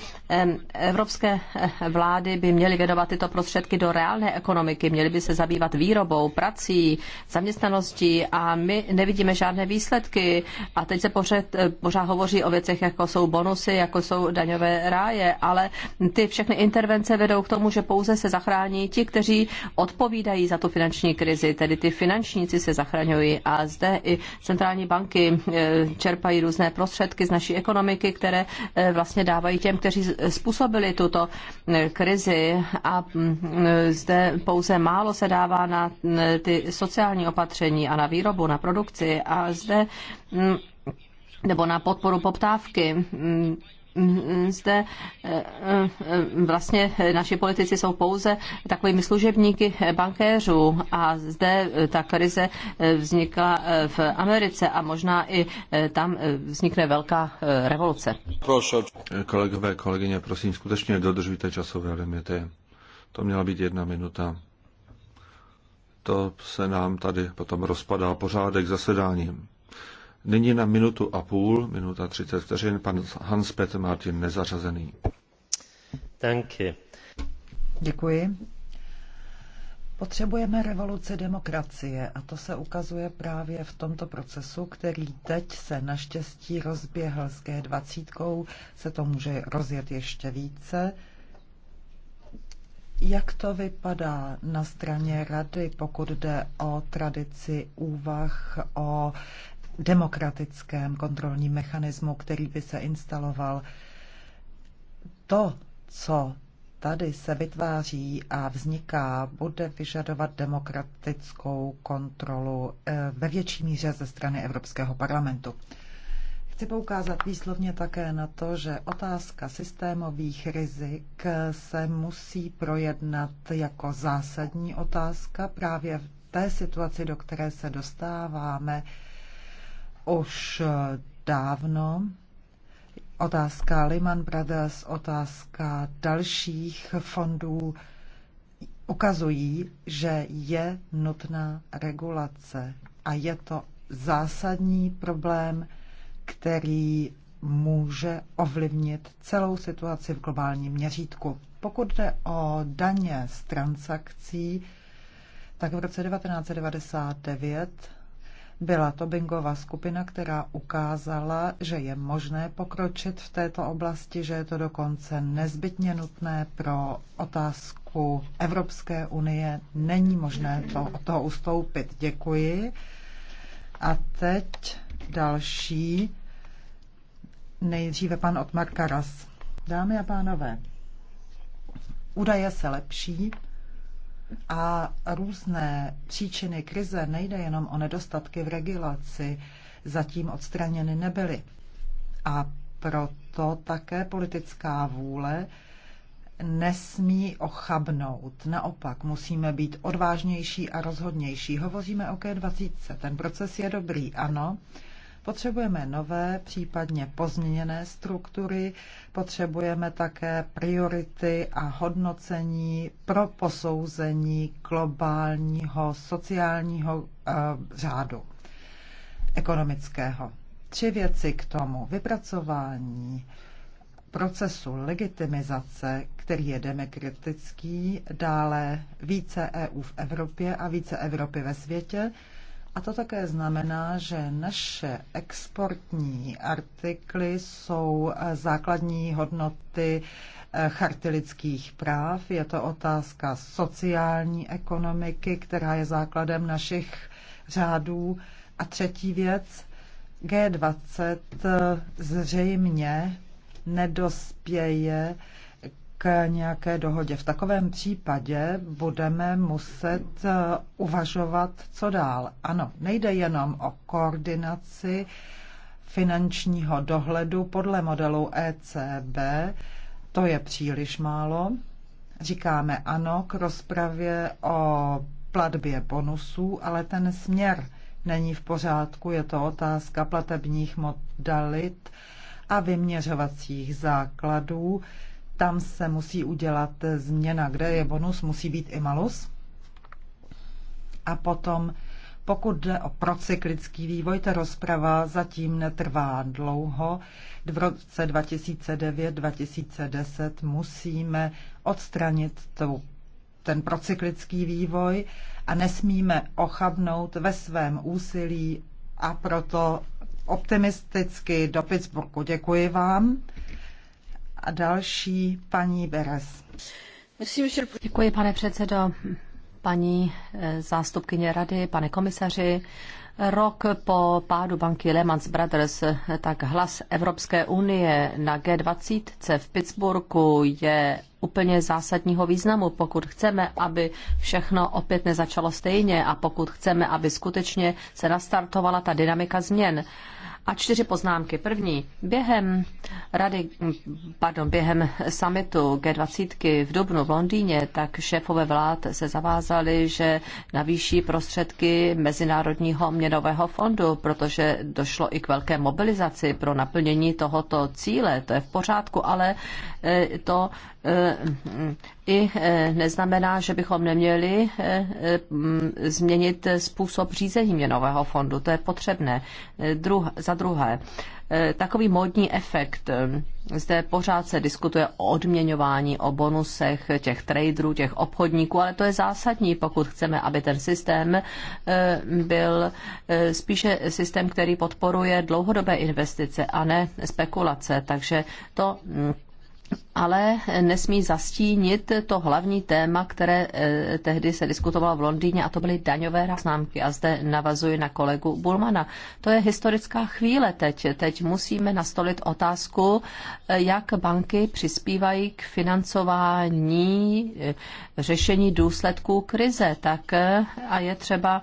evropské eh, vlády by měly věnovat tyto prostředky do reálné ekonomiky, měly by se zabývat výrobou, prací, zaměstnaností a my nevidíme žádné výsledky. A teď se pořád, eh, pořád hovoří o věcech, jako jsou bonusy, jako jsou daňové ráje, ale ty všechny intervence vedou k tomu, že pouze se zachrání ti, kteří odpovídají za tu finanční krizi, tedy ty finančníci se zachraňují a zde i centrální banky eh, čerpají různé prostředky z naší ekonomiky, které eh, vlastně dávají těm, kteří způsobili tuto eh, krizi a mm, zde pouze málo se dává na ty sociální opatření a na výrobu, na produkci a zde mm, nebo na podporu poptávky. Mm, zde eh, eh, vlastně naši politici jsou pouze takovými služebníky bankéřů a zde eh, ta krize vznikla v Americe a možná i tam vznikne velká revoluce. Kolegové, kolegyně, prosím, skutečně dodržujte časové limity. To měla být jedna minuta. To se nám tady potom rozpadá pořádek zasedáním. Nyní na minutu a půl, minuta 30 vteřin, pan hans Petr Martin, nezařazený. Danke. Děkuji. Potřebujeme revoluci demokracie a to se ukazuje právě v tomto procesu, který teď se naštěstí rozběhl s G20, se to může rozjet ještě více. Jak to vypadá na straně rady, pokud jde o tradici úvah o demokratickém kontrolním mechanismu, který by se instaloval. To, co tady se vytváří a vzniká, bude vyžadovat demokratickou kontrolu eh, ve větší míře ze strany Evropského parlamentu. Chci poukázat výslovně také na to, že otázka systémových rizik se musí projednat jako zásadní otázka právě v té situaci, do které se dostáváme už eh, dávno. Otázka Lehman Brothers, otázka dalších fondů ukazují, že je nutná regulace a je to zásadní problém, který může ovlivnit celou situaci v globálním měřítku. Pokud jde o daně z transakcí, tak v roce 1999 byla to bingová skupina, která ukázala, že je možné pokročit v této oblasti, že je to dokonce nezbytně nutné pro otázku Evropské unie. Není možné to, toho ustoupit. Děkuji. A teď další. Nejdříve pan Otmar Karas. Dámy a pánové, údaje se lepší, a různé příčiny krize nejde jenom o nedostatky v regulaci, zatím odstraněny nebyly. A proto také politická vůle nesmí ochabnout. Naopak, musíme být odvážnější a rozhodnější. Hovoříme o K20. Ten proces je dobrý, ano, Potřebujeme nové, případně pozměněné struktury, potřebujeme také priority a hodnocení pro posouzení globálního sociálního uh, řádu ekonomického. Tři věci k tomu. Vypracování procesu legitimizace, který je demokratický, dále více EU v Evropě a více Evropy ve světě, a to také znamená, že naše exportní artikly jsou eh, základní hodnoty eh, charty lidských práv. Je to otázka sociální ekonomiky, která je základem našich řádů. A třetí věc, G20 eh, zřejmě nedospěje k nějaké dohodě. V takovém případě budeme muset eh, uvažovat, co dál. Ano, nejde jenom o koordinaci finančního dohledu podle modelu ECB, to je příliš málo. Říkáme ano k rozpravě o platbě bonusů, ale ten směr není v pořádku, je to otázka platebních modalit a vyměřovacích základů, tam se musí udělat změna. Kde je bonus, musí být i malus. A potom, pokud jde o procyklický vývoj, ta rozprava zatím netrvá dlouho. V roce 2009-2010 musíme odstranit tu, ten procyklický vývoj a nesmíme ochabnout ve svém úsilí a proto optimisticky do Pittsburghu. Děkuji vám a další paní Beres. Děkuji, pane předsedo, paní eh, zástupkyně rady, pane komisaři. Rok po pádu banky Lehman Brothers, eh, tak hlas Evropské unie na G20 v Pittsburghu je úplně zásadního významu, pokud chceme, aby všechno opět nezačalo stejně a pokud chceme, aby skutečně se nastartovala ta dynamika změn. A čtyři poznámky. První, během rady, pardon, během summitu G20 v Dubnu v Londýně, tak šéfové vlád se zavázali, že navýší prostředky Mezinárodního měnového fondu, protože došlo i k velké mobilizaci pro naplnění tohoto cíle. To je v pořádku, ale eh, to eh, i eh, neznamená, že bychom neměli eh, eh, změnit způsob řízení měnového fondu. To je potřebné. Druh, za druhé, takový módní efekt. Zde pořád se diskutuje o odměňování, o bonusech těch traderů, těch obchodníků, ale to je zásadní, pokud chceme, aby ten systém byl spíše systém, který podporuje dlouhodobé investice a ne spekulace. Takže to hm, ale nesmí zastínit to hlavní téma, které eh, tehdy se diskutovalo v Londýně, a to byly daňové známky. A zde navazuji na kolegu Bulmana. To je historická chvíle teď. Teď musíme nastolit otázku, eh, jak banky přispívají k financování eh, řešení důsledků krize. Tak a je třeba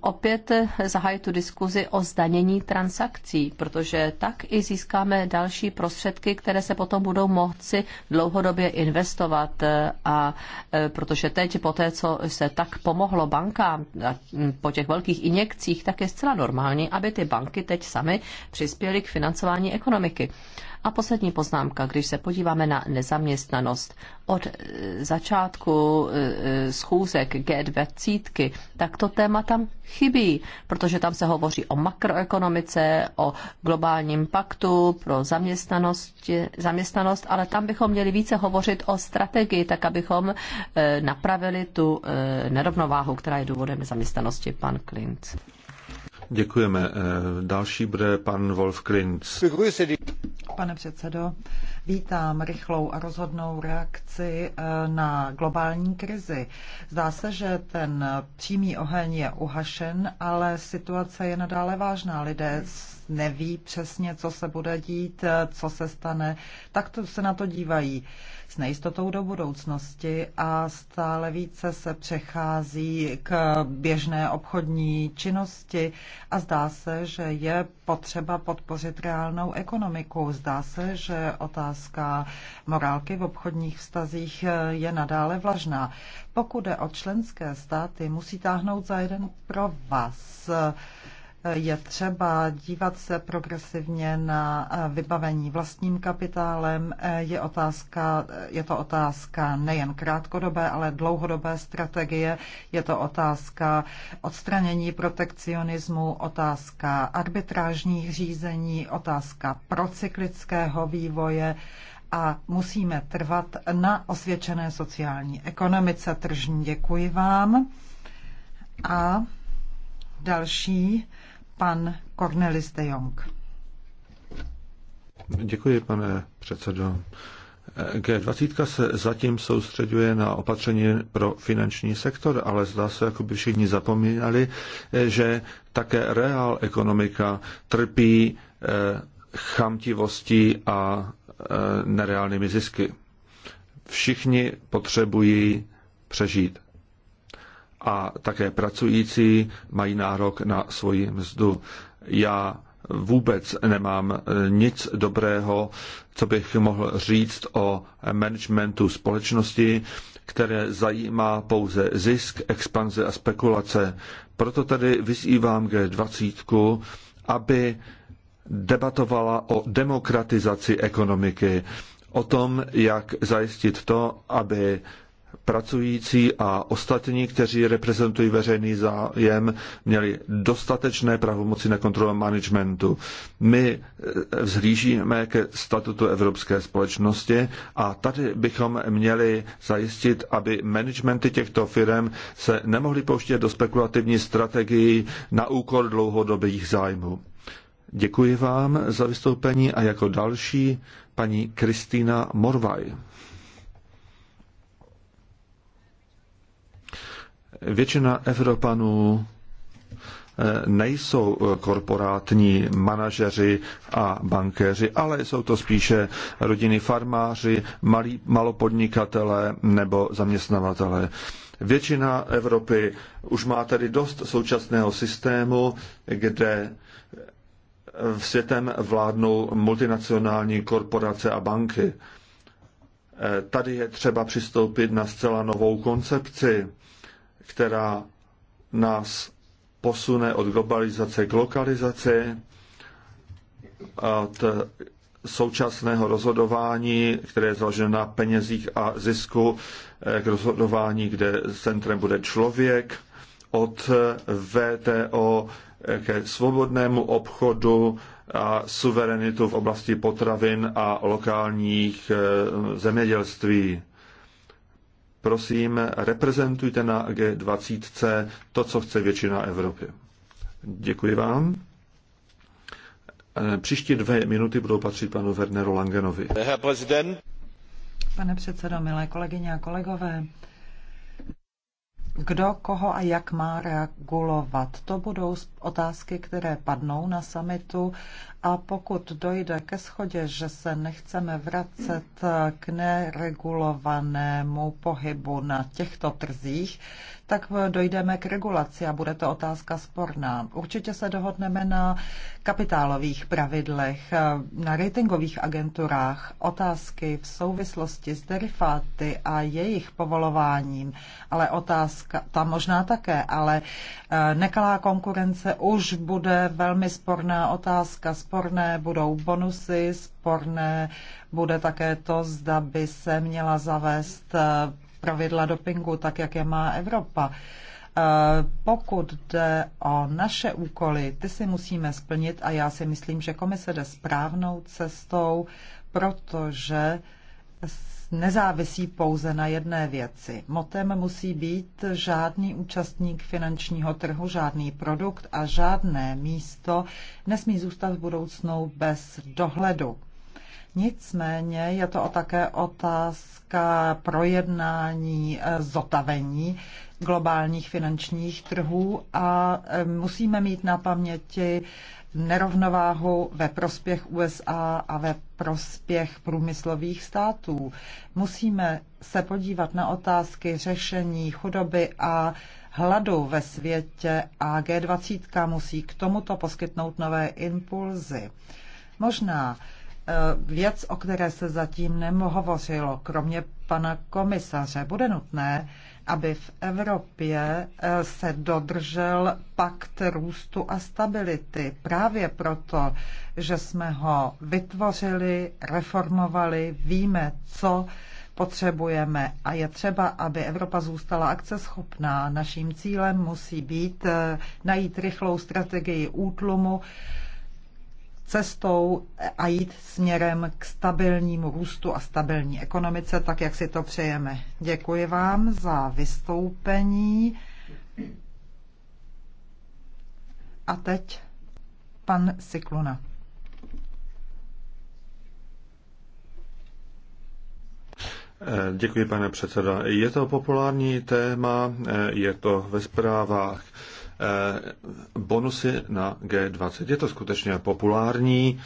opět zahájit tu diskuzi o zdanění transakcí, protože tak i získáme další prostředky, které se potom budou moci dlouhodobě investovat a e, protože teď po té, co se tak pomohlo bankám po těch velkých injekcích, tak je zcela normální, aby ty banky teď sami přispěly k financování ekonomiky. A poslední poznámka, když se podíváme na nezaměstnanost. Od e, začátku e, e, schůzek G20, tak to téma tam chybí, protože tam se hovoří o makroekonomice, o globálním paktu pro zaměstnanost, zaměstnanost ale tam bychom měli více hovořit o strategii, tak abychom napravili tu nerovnováhu, která je důvodem nezaměstnanosti. Pan Klint. Děkujeme. Eh, další bude pan Wolf Klinz. Pane předsedo, vítám rychlou a rozhodnou reakci eh, na globální krizi. Zdá se, že ten přímý oheň je uhašen, ale situace je nadále vážná. Lidé neví přesně, co se bude dít, eh, co se stane. Tak to se na to dívají s nejistotou do budoucnosti a stále více se přechází k běžné obchodní činnosti a zdá se, že je potřeba podpořit reálnou ekonomiku. Zdá se, že otázka morálky v obchodních vztazích je nadále vlažná. Pokud jde o členské státy, musí táhnout za jeden pro vás je třeba dívat se progresivně na vybavení vlastním kapitálem. Je, otázka, je to otázka nejen krátkodobé, ale dlouhodobé strategie. Je to otázka odstranění protekcionismu, otázka arbitrážních řízení, otázka procyklického vývoje a musíme trvat na osvědčené sociální ekonomice tržní. Děkuji vám. A další pan Cornelis de Jong. Děkuji, pane předsedo. G20 se zatím soustředuje na opatření pro finanční sektor, ale zdá se, jako by všichni zapomínali, že také reál ekonomika trpí eh, chamtivostí a eh, nereálnými zisky. Všichni potřebují přežít a také pracující mají nárok na svoji mzdu. Já vůbec nemám eh, nic dobrého, co bych mohl říct o managementu společnosti, které zajímá pouze zisk, expanze a spekulace. Proto tedy vyzývám G20, aby debatovala o demokratizaci ekonomiky, o tom, jak zajistit to, aby pracující a ostatní, kteří reprezentují veřejný zájem, měli dostatečné pravomoci na kontrolu managementu. My eh, vzhlížíme ke statutu Evropské společnosti a tady bychom měli zajistit, aby managementy těchto firm se nemohly pouštět do spekulativní strategii na úkor dlouhodobých zájmů. Děkuji vám za vystoupení a jako další paní Kristýna Morvaj. Většina Evropanů eh, nejsou eh, korporátní manažeři a bankéři, ale jsou to spíše rodiny farmáři, malí, malopodnikatele nebo zaměstnavatele. Většina Evropy už má tedy dost současného systému, kde v světem vládnou multinacionální korporace a banky. Eh, tady je třeba přistoupit na zcela novou koncepci která nás posune od globalizace k lokalizaci, od současného rozhodování, které je založeno na penězích a zisku, eh, k rozhodování, kde centrem bude člověk, od VTO eh, ke svobodnému obchodu a suverenitu v oblasti potravin a lokálních eh, zemědělství. Prosím, reprezentujte na G20 to, co chce většina Evropy. Děkuji vám. E, příští dvě minuty budou patřit panu Werneru Langenovi. Pane předsedo, milé kolegyně a kolegové, kdo koho a jak má regulovat. To budou otázky, které padnou na samitu a pokud dojde ke schodě, že se nechceme vracet k neregulovanému pohybu na těchto trzích, tak dojdeme k regulaci a bude to otázka sporná. Určitě se dohodneme na kapitálových pravidlech, na ratingových agenturách, otázky v souvislosti s derifáty a jejich povolováním, ale otázka, tam možná také, ale eh, nekalá konkurence už bude velmi sporná otázka. Sporné budou bonusy, sporné bude také to, zda by se měla zavést eh, pravidla dopingu, tak jak je má Evropa. E, pokud jde o naše úkoly, ty si musíme splnit a já si myslím, že komise jde správnou cestou, protože nezávisí pouze na jedné věci. Motem musí být žádný účastník finančního trhu, žádný produkt a žádné místo nesmí zůstat v budoucnu bez dohledu. Nicméně je to také otázka projednání e, zotavení globálních finančních trhů a e, musíme mít na paměti nerovnováhu ve prospěch USA a ve prospěch průmyslových států. Musíme se podívat na otázky řešení chudoby a hladu ve světě a G20 musí k tomuto poskytnout nové impulzy. Možná Eh, věc, o které se zatím nemohovořilo, kromě pana komisaře. Bude nutné, aby v Evropě eh, se dodržel pakt růstu a stability. Právě proto, že jsme ho vytvořili, reformovali, víme, co potřebujeme a je třeba, aby Evropa zůstala akceschopná. Naším cílem musí být eh, najít rychlou strategii útlumu, cestou a jít směrem k stabilnímu růstu a stabilní ekonomice, tak jak si to přejeme. Děkuji vám za vystoupení. A teď pan Sikluna. Děkuji, pane předsedo. Je to populární téma, je to ve zprávách. Eh, bonusy na G20. Je to skutečně populární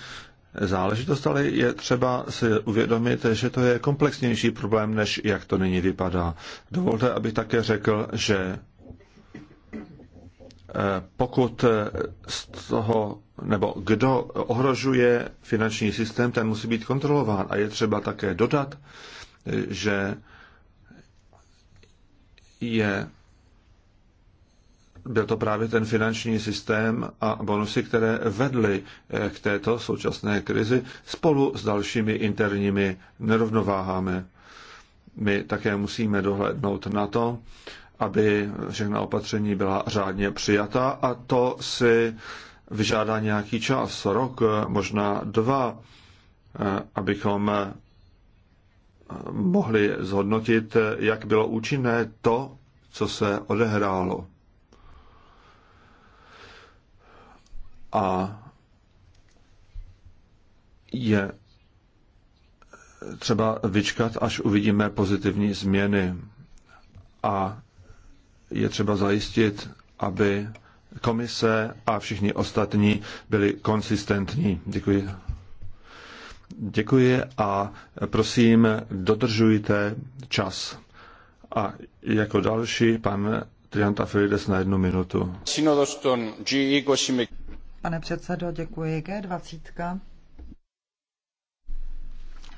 záležitost, ale je třeba si uvědomit, že to je komplexnější problém, než jak to nyní vypadá. Dovolte, abych také řekl, že eh, pokud z toho, nebo kdo ohrožuje finanční systém, ten musí být kontrolován. A je třeba také dodat, eh, že je byl to právě ten finanční systém a bonusy, které vedly eh, k této současné krizi spolu s dalšími interními nerovnováhami. My také musíme dohlednout na to, aby všechna opatření byla řádně přijata a to si vyžádá nějaký čas, rok, možná dva, eh, abychom eh, mohli zhodnotit, jak bylo účinné to, co se odehrálo. a je třeba vyčkat, až uvidíme pozitivní změny. A je třeba zajistit, aby komise a všichni ostatní byli konsistentní. Děkuji. Děkuji a prosím, dodržujte čas. A jako další pan Filides na jednu minutu. Synodos g Pane předsedo, děkuji. G20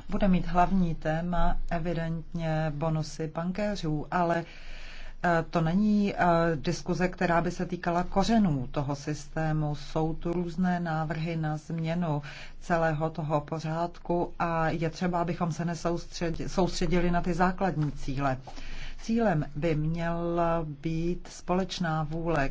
bude mít hlavní téma evidentně bonusy bankéřů, ale e, to není e, diskuze, která by se týkala kořenů toho systému. Jsou tu různé návrhy na změnu celého toho pořádku a je třeba, abychom se soustředili na ty základní cíle. Cílem by měla být společná vůle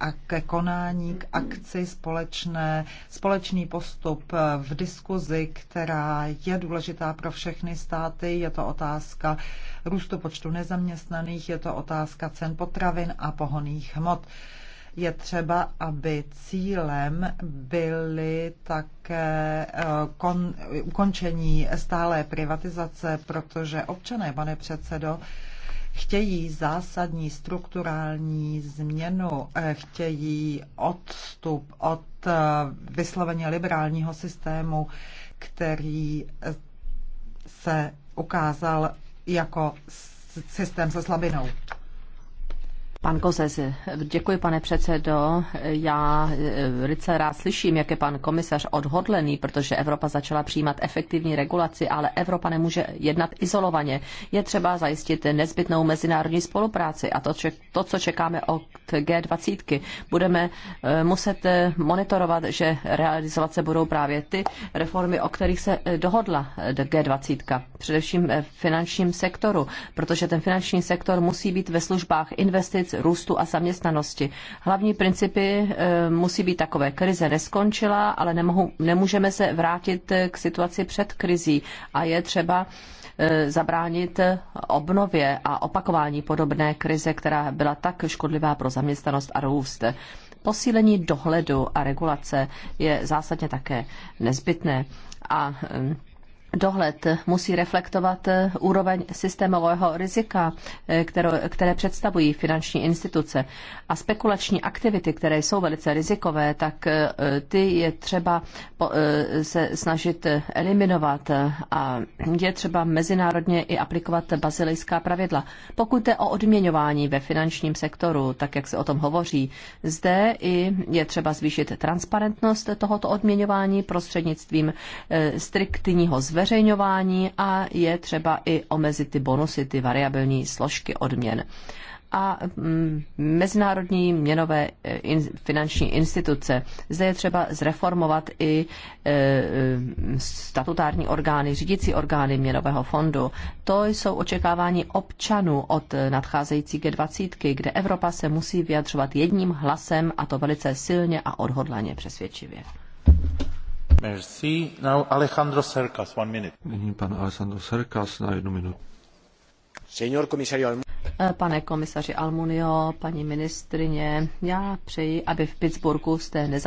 a ke konání, k akci společné, společný postup v diskuzi, která je důležitá pro všechny státy. Je to otázka růstu počtu nezaměstnaných, je to otázka cen potravin a pohoných hmot je třeba, aby cílem byly také eh, kon, ukončení stálé privatizace, protože občané, pane předsedo, chtějí zásadní strukturální změnu, eh, chtějí odstup od eh, vysloveně liberálního systému, který eh, se ukázal jako systém se slabinou. Pan kozes, děkuji pane předsedo. Já eh, velice rád slyším, jak je pan komisař odhodlený, protože Evropa začala přijímat efektivní regulaci, ale Evropa nemůže jednat izolovaně. Je třeba zajistit nezbytnou mezinárodní spolupráci a to, to co čekáme od G20. Budeme eh, muset eh, monitorovat, že realizovat se budou právě ty reformy, o kterých se dohodla G20, především v finančním sektoru, protože ten finanční sektor musí být ve službách investic růstu a zaměstnanosti. Hlavní principy eh, musí být takové. Krize neskončila, ale nemohu, nemůžeme se vrátit k situaci před krizí a je třeba eh, zabránit obnově a opakování podobné krize, která byla tak škodlivá pro zaměstnanost a růst. Posílení dohledu a regulace je zásadně také nezbytné a eh, dohled musí reflektovat eh, úroveň systémového rizika, eh, které, představují finanční instituce. A spekulační aktivity, které jsou velice rizikové, tak eh, ty je třeba se snažit eliminovat a je třeba mezinárodně i aplikovat bazilejská pravidla. Pokud jde o odměňování ve finančním sektoru, tak jak se o tom hovoří, zde i je třeba zvýšit transparentnost tohoto odměňování prostřednictvím striktního zveřejnění zveřejňování a je třeba i omezit ty bonusy, ty variabilní složky odměn. A mm, mezinárodní měnové eh, finanční instituce. Zde je třeba zreformovat i eh, eh, statutární orgány, řídící orgány měnového fondu. To jsou očekávání občanů od nadcházející G20, kde Evropa se musí vyjadřovat jedním hlasem a to velice silně a odhodlaně přesvědčivě. Nyní pan Alejandro Serkas na jednu minutu. Eh, pane komisaři Almunio, paní ministrině, já přeji, aby v Pittsburghu jste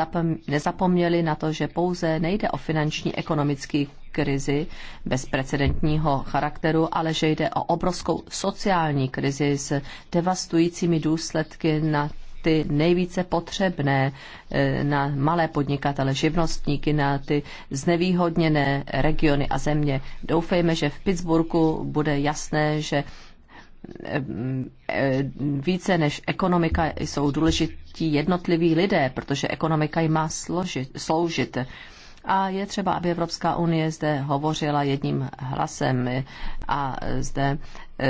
nezapomněli na to, že pouze nejde o finanční ekonomický krizi bezprecedentního charakteru, ale že jde o obrovskou sociální krizi s devastujícími důsledky na ty nejvíce potřebné, eh, na malé podnikatele, živnostníky, na ty znevýhodněné regiony a země. Doufejme, že v Pittsburghu bude jasné, že eh, eh, více než ekonomika jsou důležití jednotliví lidé, protože ekonomika jim má složit, sloužit. A je třeba, aby Evropská unie zde hovořila jedním hlasem a zde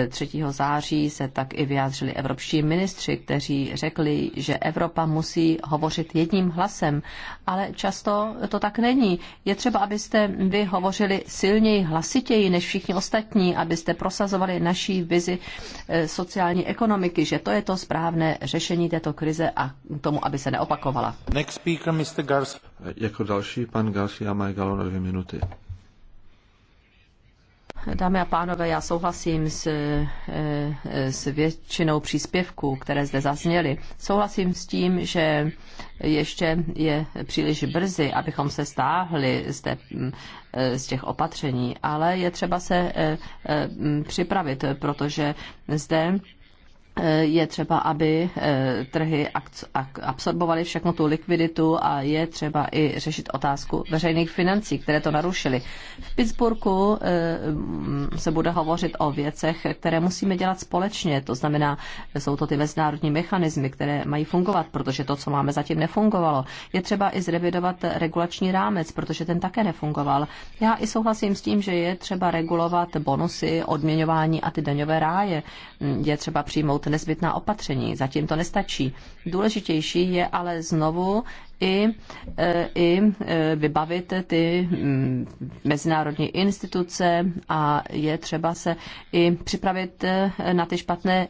3. září se tak i vyjádřili evropští ministři, kteří řekli, že Evropa musí hovořit jedním hlasem, ale často to tak není. Je třeba, abyste vy hovořili silněji, hlasitěji než všichni ostatní, abyste prosazovali naší vizi eh, sociální ekonomiky, že to je to správné řešení této krize a tomu, aby se neopakovala. Next speaker, Mr. Garcia. Jako další pan Garcia má galo dvě minuty. Dámy a pánové, já souhlasím s, e, e, s většinou příspěvků, které zde zazněly. Souhlasím s tím, že ještě je příliš brzy, abychom se stáhli z, té, e, z těch opatření, ale je třeba se připravit, protože zde Eh, je třeba, aby eh, trhy absorbovaly všechno tu likviditu a je třeba i řešit otázku veřejných financí, které to narušily. V Pittsburghu eh, se bude hovořit o věcech, které musíme dělat společně, to znamená, jsou to ty mezinárodní mechanismy, které mají fungovat, protože to, co máme zatím nefungovalo. Je třeba i zrevidovat regulační rámec, protože ten také nefungoval. Já i souhlasím s tím, že je třeba regulovat bonusy, odměňování a ty daňové ráje. Je třeba přijmout nezbytná opatření. Zatím to nestačí. Důležitější je ale znovu i, eh, i eh, vybavit ty mm, mezinárodní instituce a je třeba se i připravit eh, na ty špatné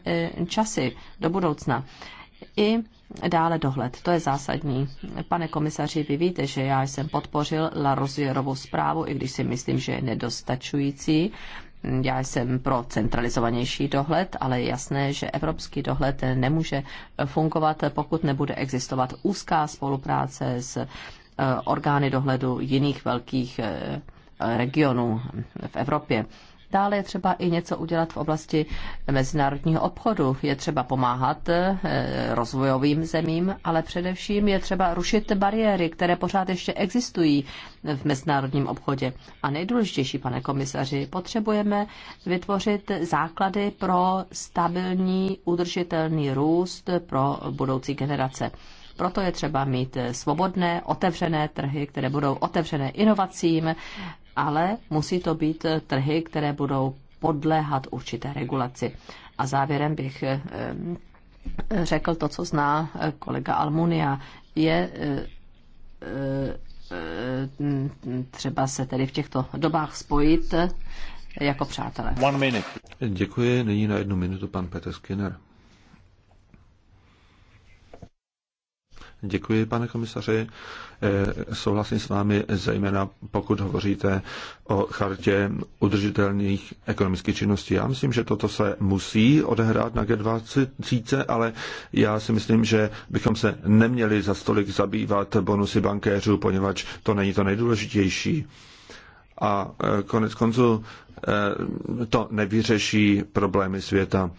časy do budoucna. I Dále dohled, to je zásadní. Pane komisaři, vy víte, že já jsem podpořil Larozierovou zprávu, i když si myslím, že je nedostačující já jsem pro centralizovanější dohled, ale je jasné, že evropský dohled nemůže fungovat, pokud nebude existovat úzká spolupráce s eh, orgány dohledu jiných velkých eh, regionů v Evropě. Dále je třeba i něco udělat v oblasti mezinárodního obchodu. Je třeba pomáhat eh, rozvojovým zemím, ale především je třeba rušit bariéry, které pořád ještě existují v mezinárodním obchodě. A nejdůležitější, pane komisaři, potřebujeme vytvořit základy pro stabilní, udržitelný růst pro budoucí generace. Proto je třeba mít svobodné, otevřené trhy, které budou otevřené inovacím, ale musí to být eh, trhy, které budou podléhat určité regulaci. A závěrem bych eh, eh, řekl to, co zná kolega Almunia, je mm, třeba se tedy v těchto dobách spojit jako přátelé. One minute. Děkuji. Nyní na jednu minutu pan Petr Skinner. Děkuji, pane komisaři. Eh, souhlasím s vámi zejména, pokud hovoříte o chartě udržitelných ekonomických činností. Já myslím, že toto se musí odehrát na G20, ale já si myslím, že bychom se neměli za stolik zabývat bonusy bankéřů, poněvadž to není to nejdůležitější. A eh, konec konců eh, to nevyřeší problémy světa.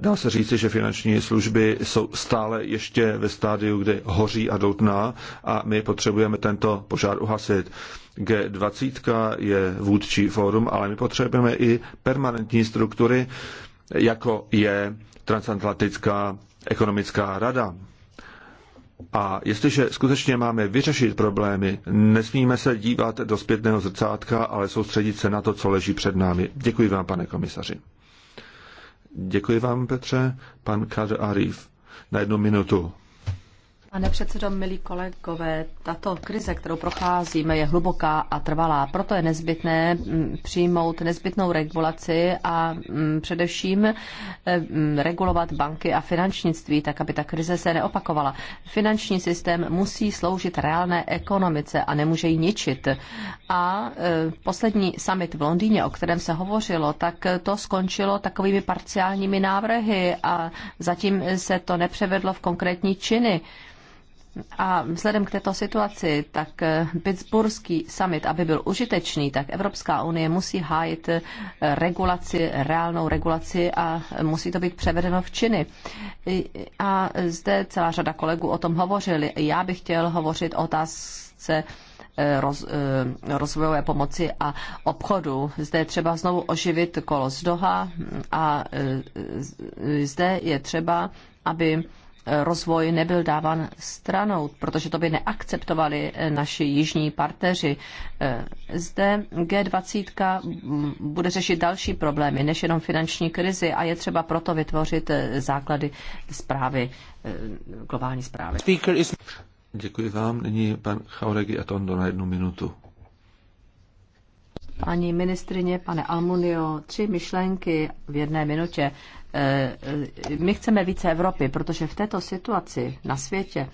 Dá se říci, že finanční služby jsou stále ještě ve stádiu, kdy hoří a doutná a my potřebujeme tento požár uhasit. G20 je vůdčí fórum, ale my potřebujeme i permanentní struktury, jako je Transatlantická ekonomická rada. A jestliže skutečně máme vyřešit problémy, nesmíme se dívat do zpětného zrcátka, ale soustředit se na to, co leží před námi. Děkuji vám, pane komisaři. Děkuji vám, Petře. Pan Kader Arif na jednu minutu. Pane předsedo, milí kolegové, tato krize, kterou procházíme, je hluboká a trvalá. Proto je nezbytné mm, přijmout nezbytnou regulaci a mm, především eh, mm, regulovat banky a finančnictví, tak aby ta krize se neopakovala. Finanční systém musí sloužit reálné ekonomice a nemůže ji ničit. A eh, poslední summit v Londýně, o kterém se hovořilo, tak to skončilo takovými parciálními návrhy a zatím se to nepřevedlo v konkrétní činy. A vzhledem k této situaci, tak eh, Pittsburghský summit, aby byl užitečný, tak Evropská unie musí hájit eh, regulaci, reálnou regulaci a musí to být převedeno v činy. A zde celá řada kolegů o tom hovořili. Já bych chtěl hovořit o otázce eh, roz, rozvojové pomoci a obchodu. Zde je třeba znovu oživit kolo z Doha a zde je třeba, aby rozvoj nebyl dáván stranou, protože to by neakceptovali naši jižní partneři. Eh, zde G20 bude řešit další problémy, než jenom finanční krizi a je třeba proto vytvořit eh, základy zprávy, eh, globální zprávy. Děkuji vám. Nyní pan Chauregi a Tondo na jednu minutu. Paní ministrině, pane Almunio, tři myšlenky v jedné minutě. Eh, eh, my chceme více Evropy, protože v této situaci na světě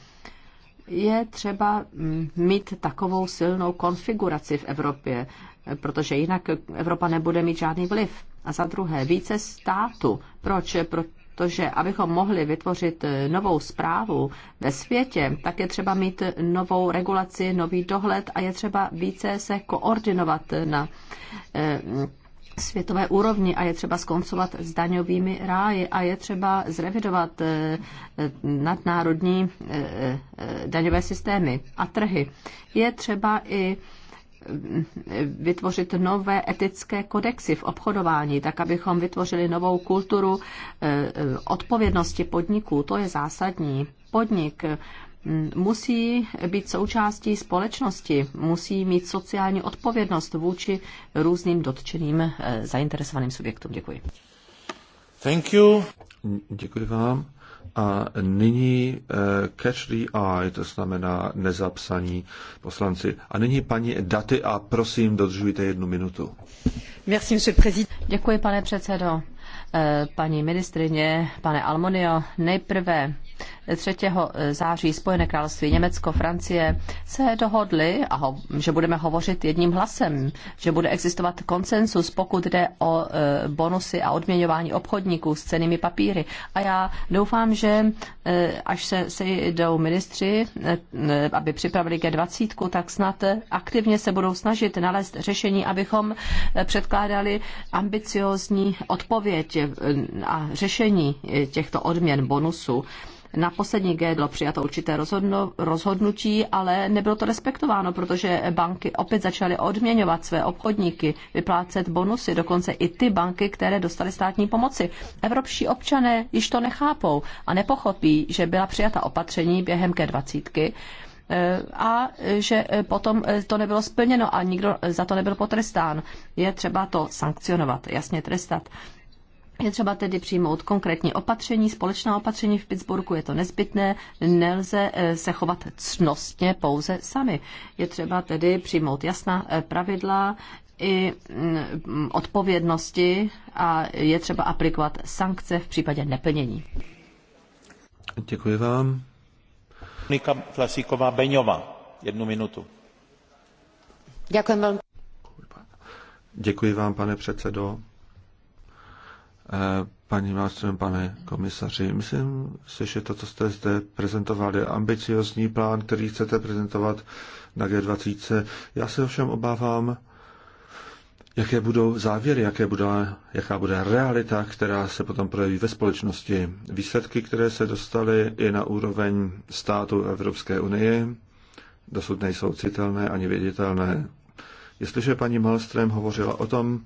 je třeba mm, mít takovou silnou konfiguraci v Evropě, eh, protože jinak Evropa nebude mít žádný vliv. A za druhé, více státu. Proč? Protože abychom mohli vytvořit novou zprávu ve světě, tak je třeba mít novou regulaci, nový dohled a je třeba více se koordinovat na světové úrovni a je třeba skoncovat s daňovými ráji a je třeba zrevidovat eh, eh, nadnárodní eh, daňové systémy a trhy. Je třeba i mm, vytvořit nové etické kodexy v obchodování, tak abychom vytvořili novou kulturu odpovědnosti podniků. To je zásadní. Podnik musí být součástí společnosti, musí mít sociální odpovědnost vůči různým dotčeným eh, zainteresovaným subjektům. Děkuji. Thank you. Děkuji vám. A nyní uh, catch the eye, to znamená nezapsaní poslanci. A nyní paní Daty a prosím, dodržujte jednu minutu. Merci, Děkuji, pane předsedo. Eh, paní ministrině, pane Almonio, nejprve 3. Eh, září Spojené království, Německo, Francie se dohodli, a ho, že budeme hovořit jedním hlasem, že bude existovat konsensus, pokud jde o e, bonusy a odměňování obchodníků s cenými papíry. A já doufám, že e, až se sejdou ministři, e, aby připravili G20, tak snad aktivně se budou snažit nalézt řešení, abychom předkládali ambiciozní odpověď a řešení těchto odměn bonusů. Na poslední G bylo přijato určité rozhodno, rozhodnutí, ale nebylo to respektováno, protože banky opět začaly odměňovat své obchodníky, vyplácet bonusy, dokonce i ty banky, které dostaly státní pomoci. Evropští občané již to nechápou a nepochopí, že byla přijata opatření během G20 eh, a že eh, potom eh, to nebylo splněno a nikdo za to nebyl potrestán. Je třeba to sankcionovat, jasně trestat. Je třeba tedy přijmout konkrétní opatření, společná opatření v Pittsburghu, je to nezbytné, nelze eh, se chovat cnostně pouze sami. Je třeba tedy přijmout jasná eh, pravidla i mm, odpovědnosti a je třeba aplikovat sankce v případě neplnění. Děkuji vám. Monika Flasíková Beňová, jednu minutu. Děkuji vám. Děkuji vám, pane předsedo. Eh, paní Malström, pane komisaři. Myslím si, že to, co jste zde prezentoval, je ambiciozní plán, který chcete prezentovat na G20. Já se ovšem obávám, jaké budou závěry, jaké bude, jaká bude realita, která se potom projeví ve společnosti. Výsledky, které se dostaly i na úroveň států Evropské unie, dosud nejsou citelné ani věditelné. Jestliže paní Malström hovořila o tom,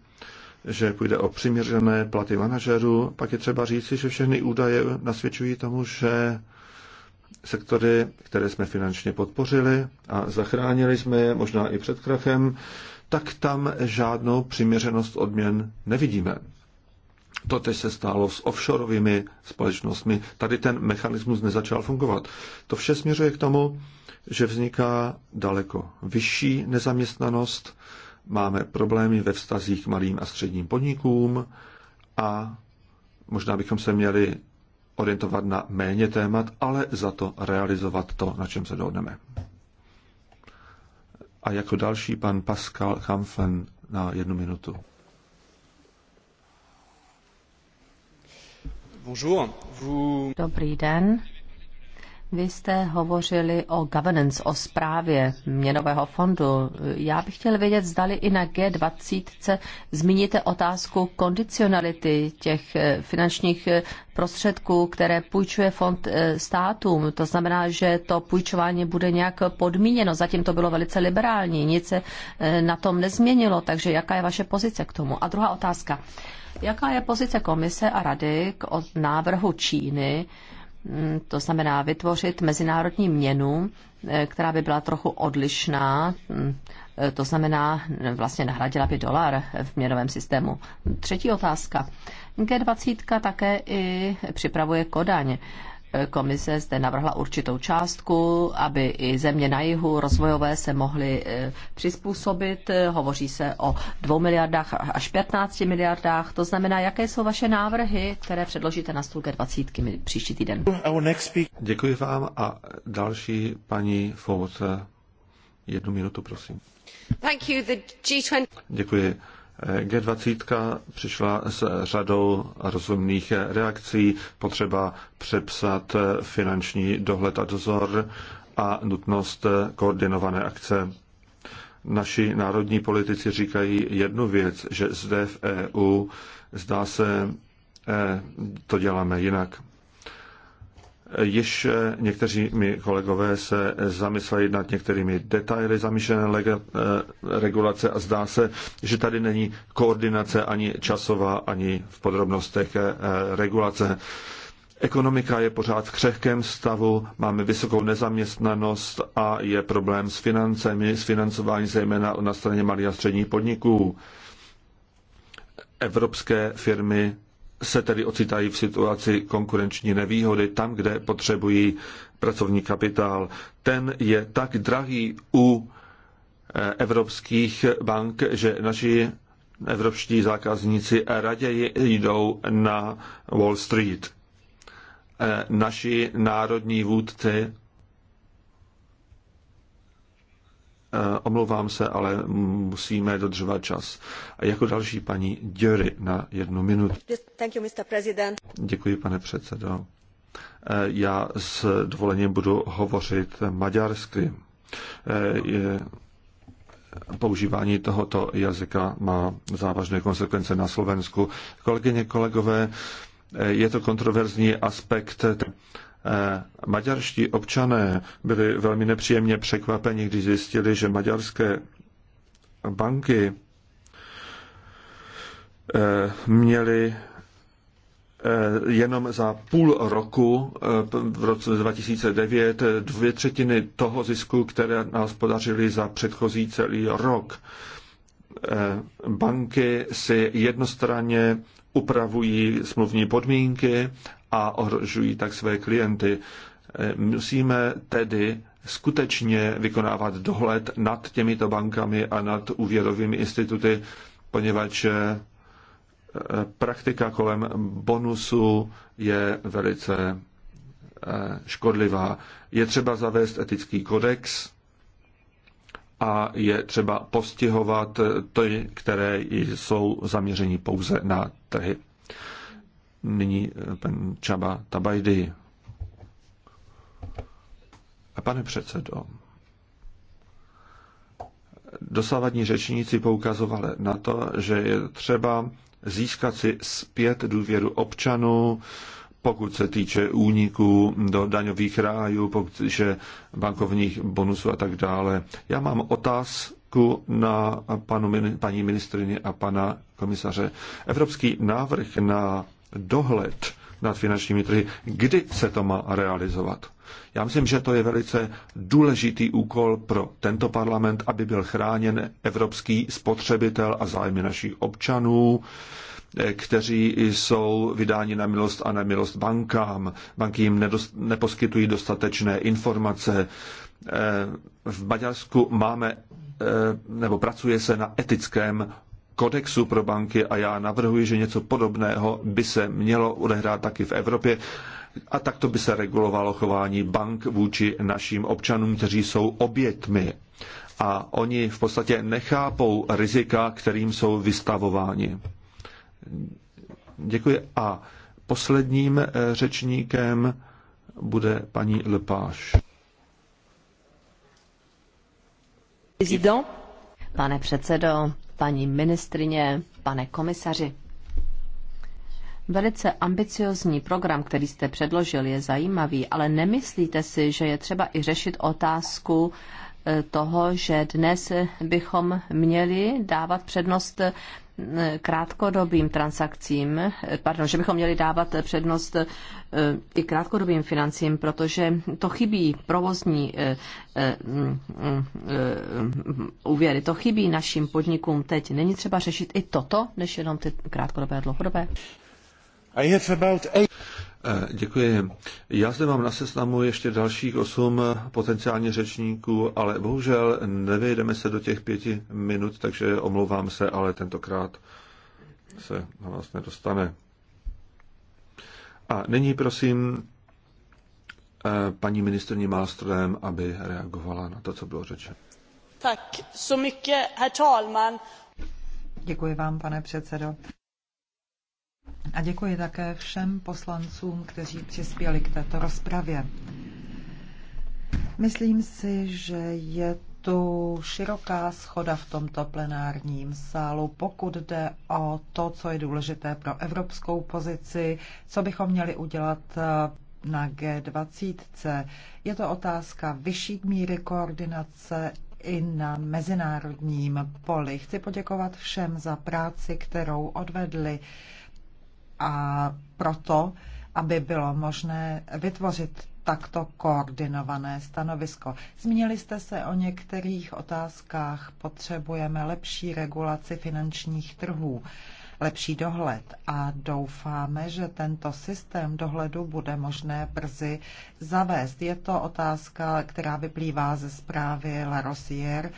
že půjde o přiměřené platy manažerů, pak je třeba říci, že všechny údaje nasvědčují tomu, že sektory, které jsme finančně podpořili a zachránili jsme je možná i před krachem, tak tam žádnou přiměřenost odměn nevidíme. To teď se stálo s offshoreovými společnostmi. Tady ten mechanismus nezačal fungovat. To vše směřuje k tomu, že vzniká daleko vyšší nezaměstnanost, máme problémy ve vztazích k malým a středním podnikům a možná bychom se měli orientovat na méně témat, ale za to realizovat to, na čem se dohodneme. A jako další pan Pascal Hamfen na jednu minutu. Dobrý den. Vy jste hovořili o governance, o správě měnového fondu. Já bych chtěl vědět, zdali i na G20 zmíníte otázku kondicionality těch eh, finančních eh, prostředků, které půjčuje fond eh, státům. To znamená, že to půjčování bude nějak podmíněno. Zatím to bylo velice liberální, nic se na tom nezměnilo, takže jaká je vaše pozice k tomu? A druhá otázka. Jaká je pozice komise a rady k návrhu Číny, Mm, to znamená vytvořit mezinárodní měnu, eh, která by byla trochu odlišná, mm, eh, to znamená vlastně nahradila by dolar v měnovém systému. Třetí otázka. G20 také i připravuje Kodaň komise zde navrhla určitou částku, aby i země na jihu rozvojové se mohly eh, přizpůsobit. Hovoří se o 2 miliardách až 15 miliardách. To znamená, jaké jsou vaše návrhy, které předložíte na stůl 20 příští týden? Děkuji vám a další paní Fouce. Jednu minutu, prosím. Děkuji. G20 přišla s řadou rozumných reakcí, potřeba přepsat finanční dohled a dozor a nutnost koordinované akce. Naši národní politici říkají jednu věc, že zde v EU zdá se, e, to děláme jinak. Již eh, někteří mi kolegové se zamysleli nad některými detaily zamýšlené eh, regulace a zdá se, že tady není koordinace ani časová, ani v podrobnostech eh, regulace. Ekonomika je pořád v křehkém stavu, máme vysokou nezaměstnanost a je problém s financemi, s financováním zejména na straně malých a středních podniků. Evropské firmy se tedy ocitají v situaci konkurenční nevýhody tam, kde potřebují pracovní kapitál. Ten je tak drahý u eh, evropských bank, že naši evropští zákazníci raději jdou na Wall Street. Eh, naši národní vůdci Eh, omlouvám se, ale musíme dodržovat čas. A jako další paní Děry na jednu minutu. Děkuji, pane předsedo. Eh, já s dovolením budu hovořit maďarsky. Eh, používání tohoto jazyka má závažné konsekvence na Slovensku. Kolegyně, kolegové, je to kontroverzní aspekt Eh, maďarští občané byli velmi nepříjemně překvapeni, když zjistili, že maďarské banky eh, měly eh, jenom za půl roku v roce 2009 dvě třetiny toho zisku, které nás podařili za předchozí celý rok. Banky si jednostranně upravují smluvní podmínky a ohrožují tak své klienty. Musíme tedy skutečně vykonávat dohled nad těmito bankami a nad úvěrovými instituty, poněvadž eh, praktika kolem bonusu je velice eh, škodlivá. Je třeba zavést etický kodex a je třeba postihovat eh, ty, které jsou zaměření pouze na trhy. Nyní eh, pan Čaba Tabajdy. A pane předsedo, dosávadní řečníci poukazovali na to, že je třeba získat si zpět důvěru občanů, pokud se týče úniků do daňových rájů, pokud se týče bankovních bonusů a tak dále. Já mám otázku na panu, paní ministrině a pana komisaře. Evropský návrh na dohled nad finančními trhy, kdy se to má realizovat. Já myslím, že to je velice důležitý úkol pro tento parlament, aby byl chráněn evropský spotřebitel a zájmy našich občanů, eh, kteří jsou vydáni na milost a na milost bankám. Banky jim nedost, neposkytují dostatečné informace. Eh, v Maďarsku máme eh, nebo pracuje se na etickém kodexu pro banky a já navrhuji, že něco podobného by se mělo odehrát taky v Evropě a takto by se regulovalo chování bank vůči našim občanům, kteří jsou obětmi a oni v podstatě nechápou rizika, kterým jsou vystavováni. Děkuji. A posledním eh, řečníkem bude paní Lepáš. Pane předsedo, paní ministrině, pane komisaři. Velice ambiciozní program, který jste předložil, je zajímavý, ale nemyslíte si, že je třeba i řešit otázku eh, toho, že dnes bychom měli dávat přednost krátkodobým transakcím, pardon, že bychom měli dávat přednost eh, i krátkodobým financím, protože to chybí provozní eh, eh, mm, úvěry, to chybí našim podnikům teď. Není třeba řešit i toto, než jenom ty krátkodobé a dlouhodobé? I have about eight... Eh, děkuji. Já zde mám na seznamu ještě dalších osm potenciálně řečníků, ale bohužel nevejdeme se do těch pěti minut, takže omlouvám se, ale tentokrát se na vás nedostane. A nyní prosím eh, paní ministrní Malström, aby reagovala na to, co bylo řečeno. Tak, so mycket, herr talman. Děkuji vám, pane předsedo. A děkuji také všem poslancům, kteří přispěli k této rozpravě. Myslím si, že je tu široká schoda v tomto plenárním sálu, pokud jde o to, co je důležité pro evropskou pozici, co bychom měli udělat eh, na G20. Je to otázka vyšší míry koordinace i na mezinárodním poli. Chci poděkovat všem za práci, kterou odvedli a proto, aby bylo možné vytvořit takto koordinované stanovisko. Zmínili jste se o některých otázkách. Potřebujeme lepší regulaci finančních trhů, lepší dohled a doufáme, že tento systém dohledu bude možné brzy zavést. Je to otázka, která vyplývá ze zprávy La Rosière,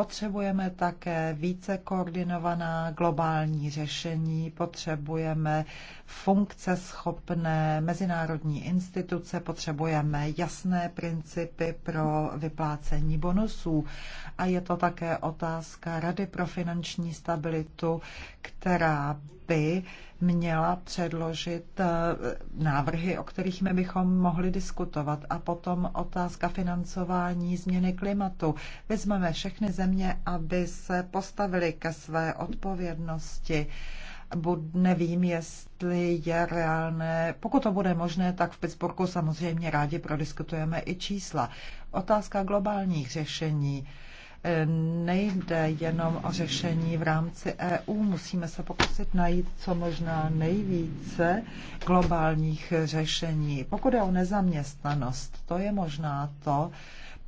Potřebujeme také více koordinovaná globální řešení, potřebujeme funkce schopné mezinárodní instituce, potřebujeme jasné principy pro vyplácení bonusů. A je to také otázka Rady pro finanční stabilitu, která by měla předložit eh, návrhy, o kterých my bychom mohli diskutovat. A potom otázka financování změny klimatu. Vezmeme všechny země, aby se postavili ke své odpovědnosti. Bud, nevím, jestli je reálné. Pokud to bude možné, tak v Pittsburghu samozřejmě rádi prodiskutujeme i čísla. Otázka globálních řešení nejde jenom o řešení v rámci EU. Musíme se pokusit najít co možná nejvíce globálních řešení. Pokud je o nezaměstnanost, to je možná to,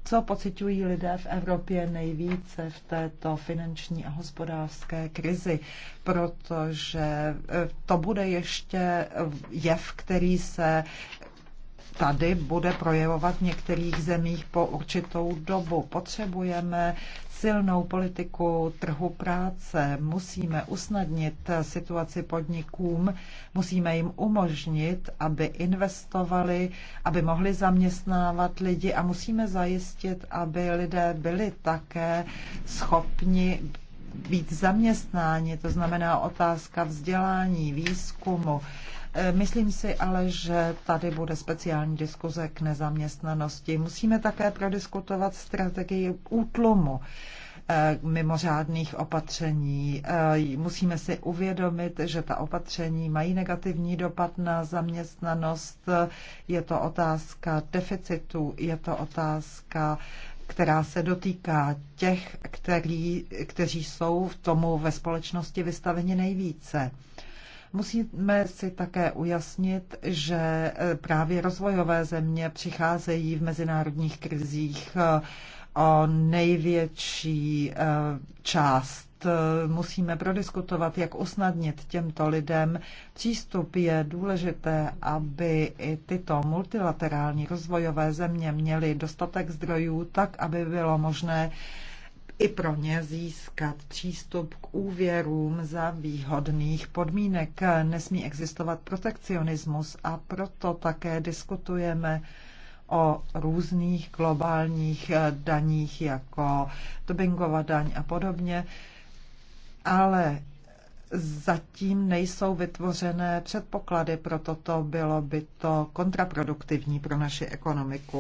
co pocitují lidé v Evropě nejvíce v této finanční a hospodářské krizi, protože to bude ještě jev, který se tady bude projevovat v některých zemích po určitou dobu. Potřebujeme silnou politiku trhu práce, musíme usnadnit situaci podnikům, musíme jim umožnit, aby investovali, aby mohli zaměstnávat lidi a musíme zajistit, aby lidé byli také schopni být zaměstnáni, to znamená otázka vzdělání, výzkumu, Eh, myslím si ale, že tady bude speciální diskuze k nezaměstnanosti. Musíme také prodiskutovat strategii útlumu eh, mimořádných opatření. Eh, musíme si uvědomit, že ta opatření mají negativní dopad na zaměstnanost. Je to otázka deficitu, je to otázka která se dotýká těch, který, kteří jsou v tomu ve společnosti vystaveni nejvíce. Musíme si také ujasnit, že e, právě rozvojové země přicházejí v mezinárodních krizích e, o největší e, část musíme prodiskutovat, jak usnadnit těmto lidem přístup. Je důležité, aby i tyto multilaterální rozvojové země měly dostatek zdrojů tak, aby bylo možné i pro ně získat přístup k úvěrům za výhodných podmínek. Nesmí existovat protekcionismus a proto také diskutujeme o různých globálních daních, jako Tobingova daň a podobně, ale zatím nejsou vytvořené předpoklady pro toto, bylo by to kontraproduktivní pro naši ekonomiku.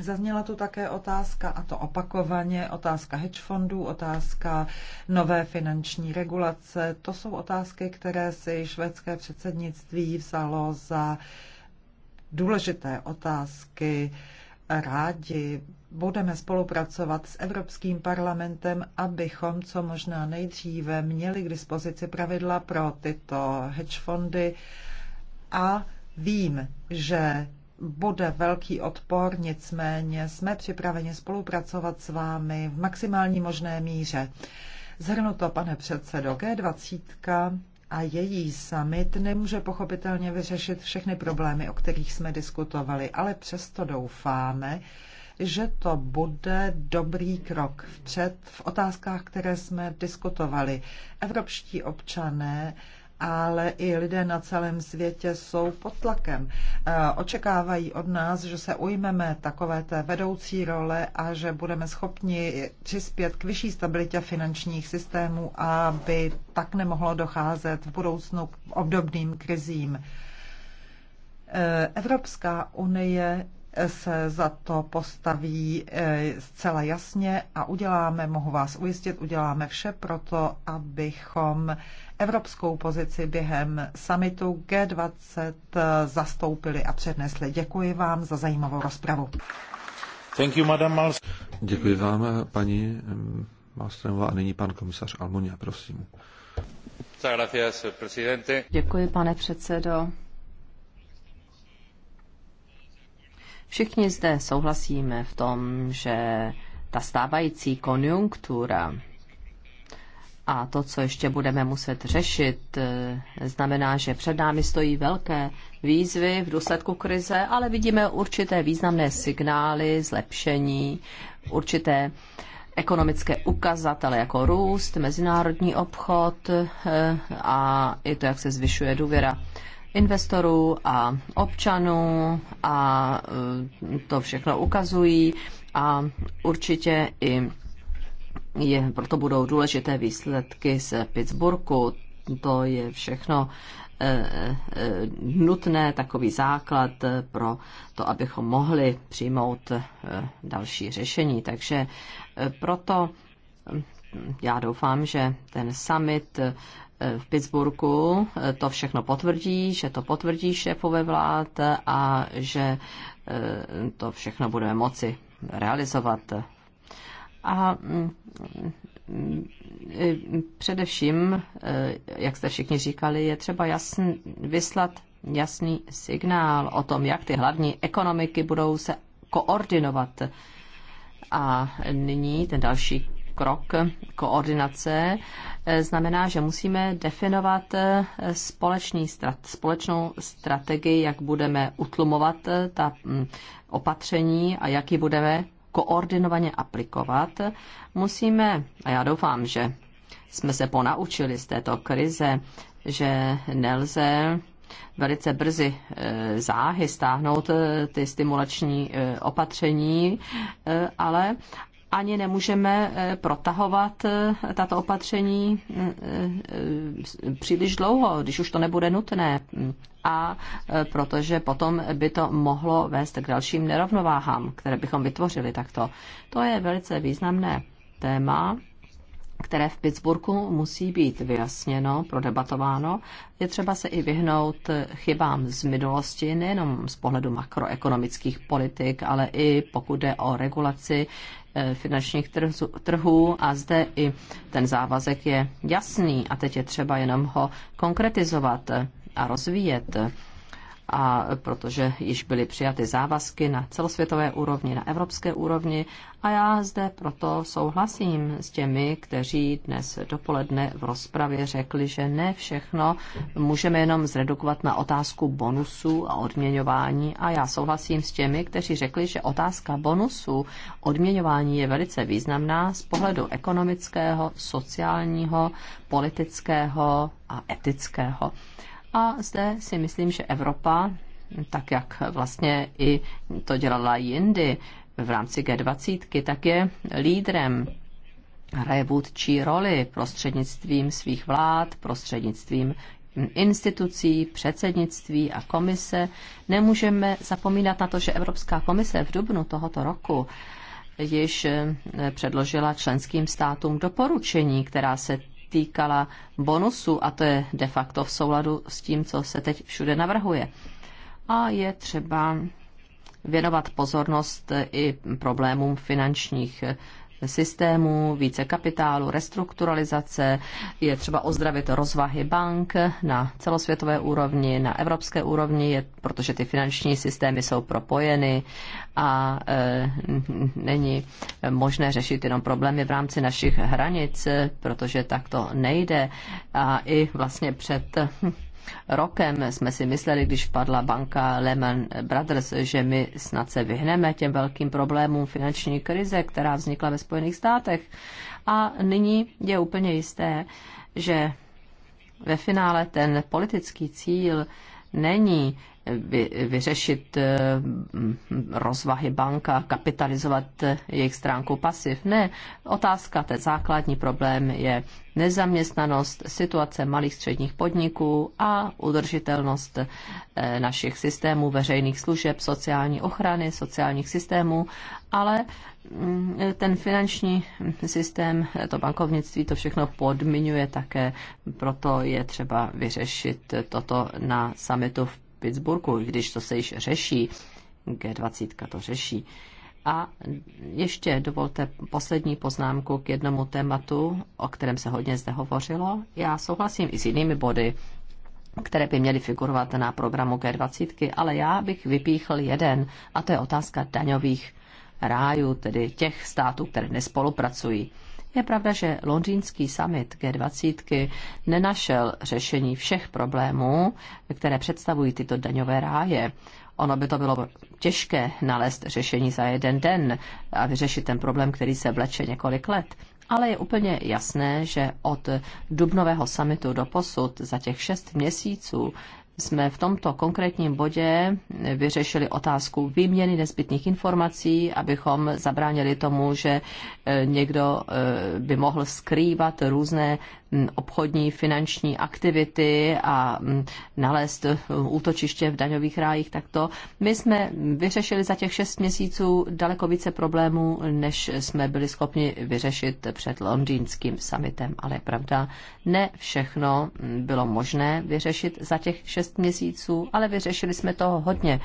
Zazněla tu také otázka, a to opakovaně, otázka hedge fondů, otázka nové finanční regulace. To jsou otázky, které si švédské předsednictví vzalo za důležité otázky. Rádi budeme spolupracovat s Evropským parlamentem, abychom co možná nejdříve měli k dispozici pravidla pro tyto hedge fondy. A vím, že bude velký odpor, nicméně jsme připraveni spolupracovat s vámi v maximální možné míře. Zhrnuto, pane předsedo, G20 a její summit nemůže pochopitelně vyřešit všechny problémy, o kterých jsme diskutovali, ale přesto doufáme, že to bude dobrý krok vpřed v otázkách, které jsme diskutovali. Evropští občané ale i lidé na celém světě jsou pod tlakem. E, očekávají od nás, že se ujmeme takové té vedoucí role a že budeme schopni přispět k vyšší stabilitě finančních systémů, aby tak nemohlo docházet v budoucnu k obdobným krizím. E, Evropská unie se za to postaví eh, zcela jasně a uděláme, mohu vás ujistit, uděláme vše pro to, abychom evropskou pozici během summitu G20 eh, zastoupili a přednesli. Děkuji vám za zajímavou rozpravu. Thank you, madam Děkuji vám, paní eh, Malstrenová. A nyní pan komisař Almunia, prosím. Děkuji, pane předsedo. Všichni zde souhlasíme v tom, že ta stávající konjunktura a to, co ještě budeme muset řešit, eh, znamená, že před námi stojí velké výzvy v důsledku krize, ale vidíme určité významné signály, zlepšení, určité ekonomické ukazatele jako růst, mezinárodní obchod eh, a i to, jak se zvyšuje důvěra investorů a občanů a e, to všechno ukazují a určitě i je, proto budou důležité výsledky z Pittsburghu. To je všechno e, e, nutné, takový základ pro to, abychom mohli přijmout další řešení. Takže proto já doufám, že ten summit v Pittsburghu eh, to všechno potvrdí, že to potvrdí šéfové vlád a že eh, to všechno budeme moci realizovat. A mm, mm, především, eh, jak jste všichni říkali, je třeba jasn, vyslat jasný signál o tom, jak ty hlavní ekonomiky budou se koordinovat. A nyní ten další krok koordinace eh, znamená, že musíme definovat eh, společný strat, společnou strategii, jak budeme utlumovat eh, ta mm, opatření a jak ji budeme koordinovaně aplikovat. Musíme, a já doufám, že jsme se ponaučili z této krize, že nelze velice brzy záhy stáhnout ty stimulační opatření, ale ani nemůžeme eh, protahovat eh, tato opatření eh, příliš dlouho, když už to nebude nutné. A protože potom by to mohlo vést k dalším nerovnováhám, které bychom vytvořili takto. To je velice významné téma, které v Pittsburghu musí být vyjasněno, prodebatováno. Je třeba se i vyhnout chybám z minulosti, nejenom z pohledu makroekonomických politik, ale i pokud jde o regulaci Eh, finančních trhů a zde i ten závazek je jasný a teď je třeba jenom ho konkretizovat a rozvíjet a protože již byly přijaty závazky na celosvětové úrovni, na evropské úrovni a já zde proto souhlasím s těmi, kteří dnes dopoledne v rozpravě řekli, že ne všechno můžeme jenom zredukovat na otázku bonusů a odměňování a já souhlasím s těmi, kteří řekli, že otázka bonusů odměňování je velice významná z pohledu ekonomického, sociálního, politického a etického. A zde si myslím, že Evropa, tak jak vlastně i to dělala jindy v rámci G20, tak je lídrem hraje vůdčí roli prostřednictvím svých vlád, prostřednictvím institucí, předsednictví a komise. Nemůžeme zapomínat na to, že Evropská komise v dubnu tohoto roku již předložila členským státům doporučení, která se týkala bonusu a to je de facto v souladu s tím, co se teď všude navrhuje. A je třeba věnovat pozornost i problémům finančních systémů, více kapitálu, restrukturalizace, je třeba ozdravit rozvahy bank na celosvětové úrovni, na evropské úrovni, je, protože ty finanční systémy jsou propojeny a e, není možné řešit jenom problémy v rámci našich hranic, protože tak to nejde. A i vlastně před rokem jsme si mysleli, když padla banka Lehman Brothers, že my snad se vyhneme těm velkým problémům finanční krize, která vznikla ve Spojených státech. A nyní je úplně jisté, že ve finále ten politický cíl není vy, vyřešit eh, rozvahy banka, kapitalizovat eh, jejich stránku pasiv. Ne, otázka, ten základní problém je nezaměstnanost, situace malých středních podniků a udržitelnost eh, našich systémů veřejných služeb, sociální ochrany, sociálních systémů, ale mm, ten finanční systém, to bankovnictví, to všechno podmiňuje také, proto je třeba vyřešit toto na samitu v Pittsburghu, i když to se již řeší, G20 to řeší. A ještě dovolte poslední poznámku k jednomu tématu, o kterém se hodně zde hovořilo. Já souhlasím i s jinými body, které by měly figurovat na programu G20, ale já bych vypíchl jeden, a to je otázka daňových rájů, tedy těch států, které nespolupracují. Je pravda, že londýnský summit G20 nenašel řešení všech problémů, které představují tyto daňové ráje. Ono by to bylo těžké nalézt řešení za jeden den a vyřešit ten problém, který se vleče několik let. Ale je úplně jasné, že od dubnového samitu do posud za těch šest měsíců jsme v tomto konkrétním bodě vyřešili otázku výměny nezbytných informací, abychom zabránili tomu, že eh, někdo eh, by mohl skrývat různé obchodní, finanční aktivity a nalézt eh, útočiště v daňových rájích, tak to my jsme vyřešili za těch šest měsíců daleko více problémů, než jsme byli schopni vyřešit před londýnským summitem. Ale je pravda, ne všechno bylo možné vyřešit za těch šest měsíců, ale vyřešili jsme toho hodně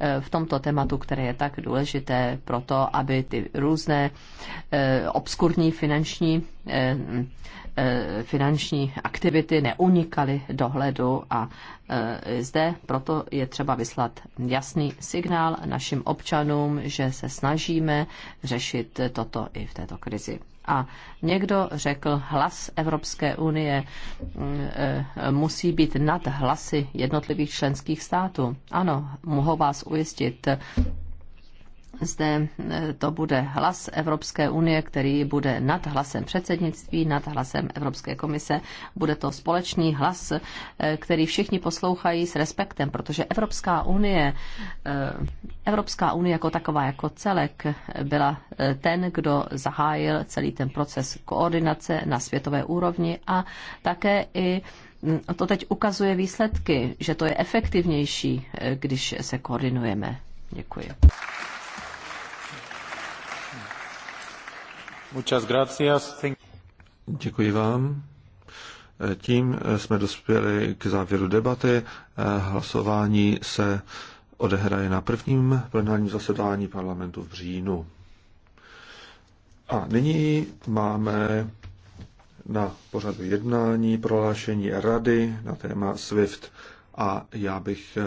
eh, v tomto tématu, které je tak důležité pro to, aby ty různé eh, obskurní finanční Eh, finanční aktivity neunikaly dohledu a eh, zde proto je třeba vyslat jasný signál našim občanům, že se snažíme řešit toto i v této krizi. A někdo řekl, hlas Evropské unie eh, musí být nad hlasy jednotlivých členských států. Ano, mohu vás ujistit, zde eh, to bude hlas Evropské unie, který bude nad hlasem předsednictví, nad hlasem Evropské komise. Bude to společný hlas, eh, který všichni poslouchají s respektem, protože Evropská unie, eh, Evropská unie jako taková, jako celek, byla ten, kdo zahájil celý ten proces koordinace na světové úrovni a také i mm, to teď ukazuje výsledky, že to je efektivnější, když se koordinujeme. Děkuji. Děkuji vám. Tím jsme dospěli k závěru debaty. Hlasování se odehraje na prvním plenárním zasedání parlamentu v říjnu. A nyní máme na pořadu jednání prohlášení rady na téma SWIFT a já bych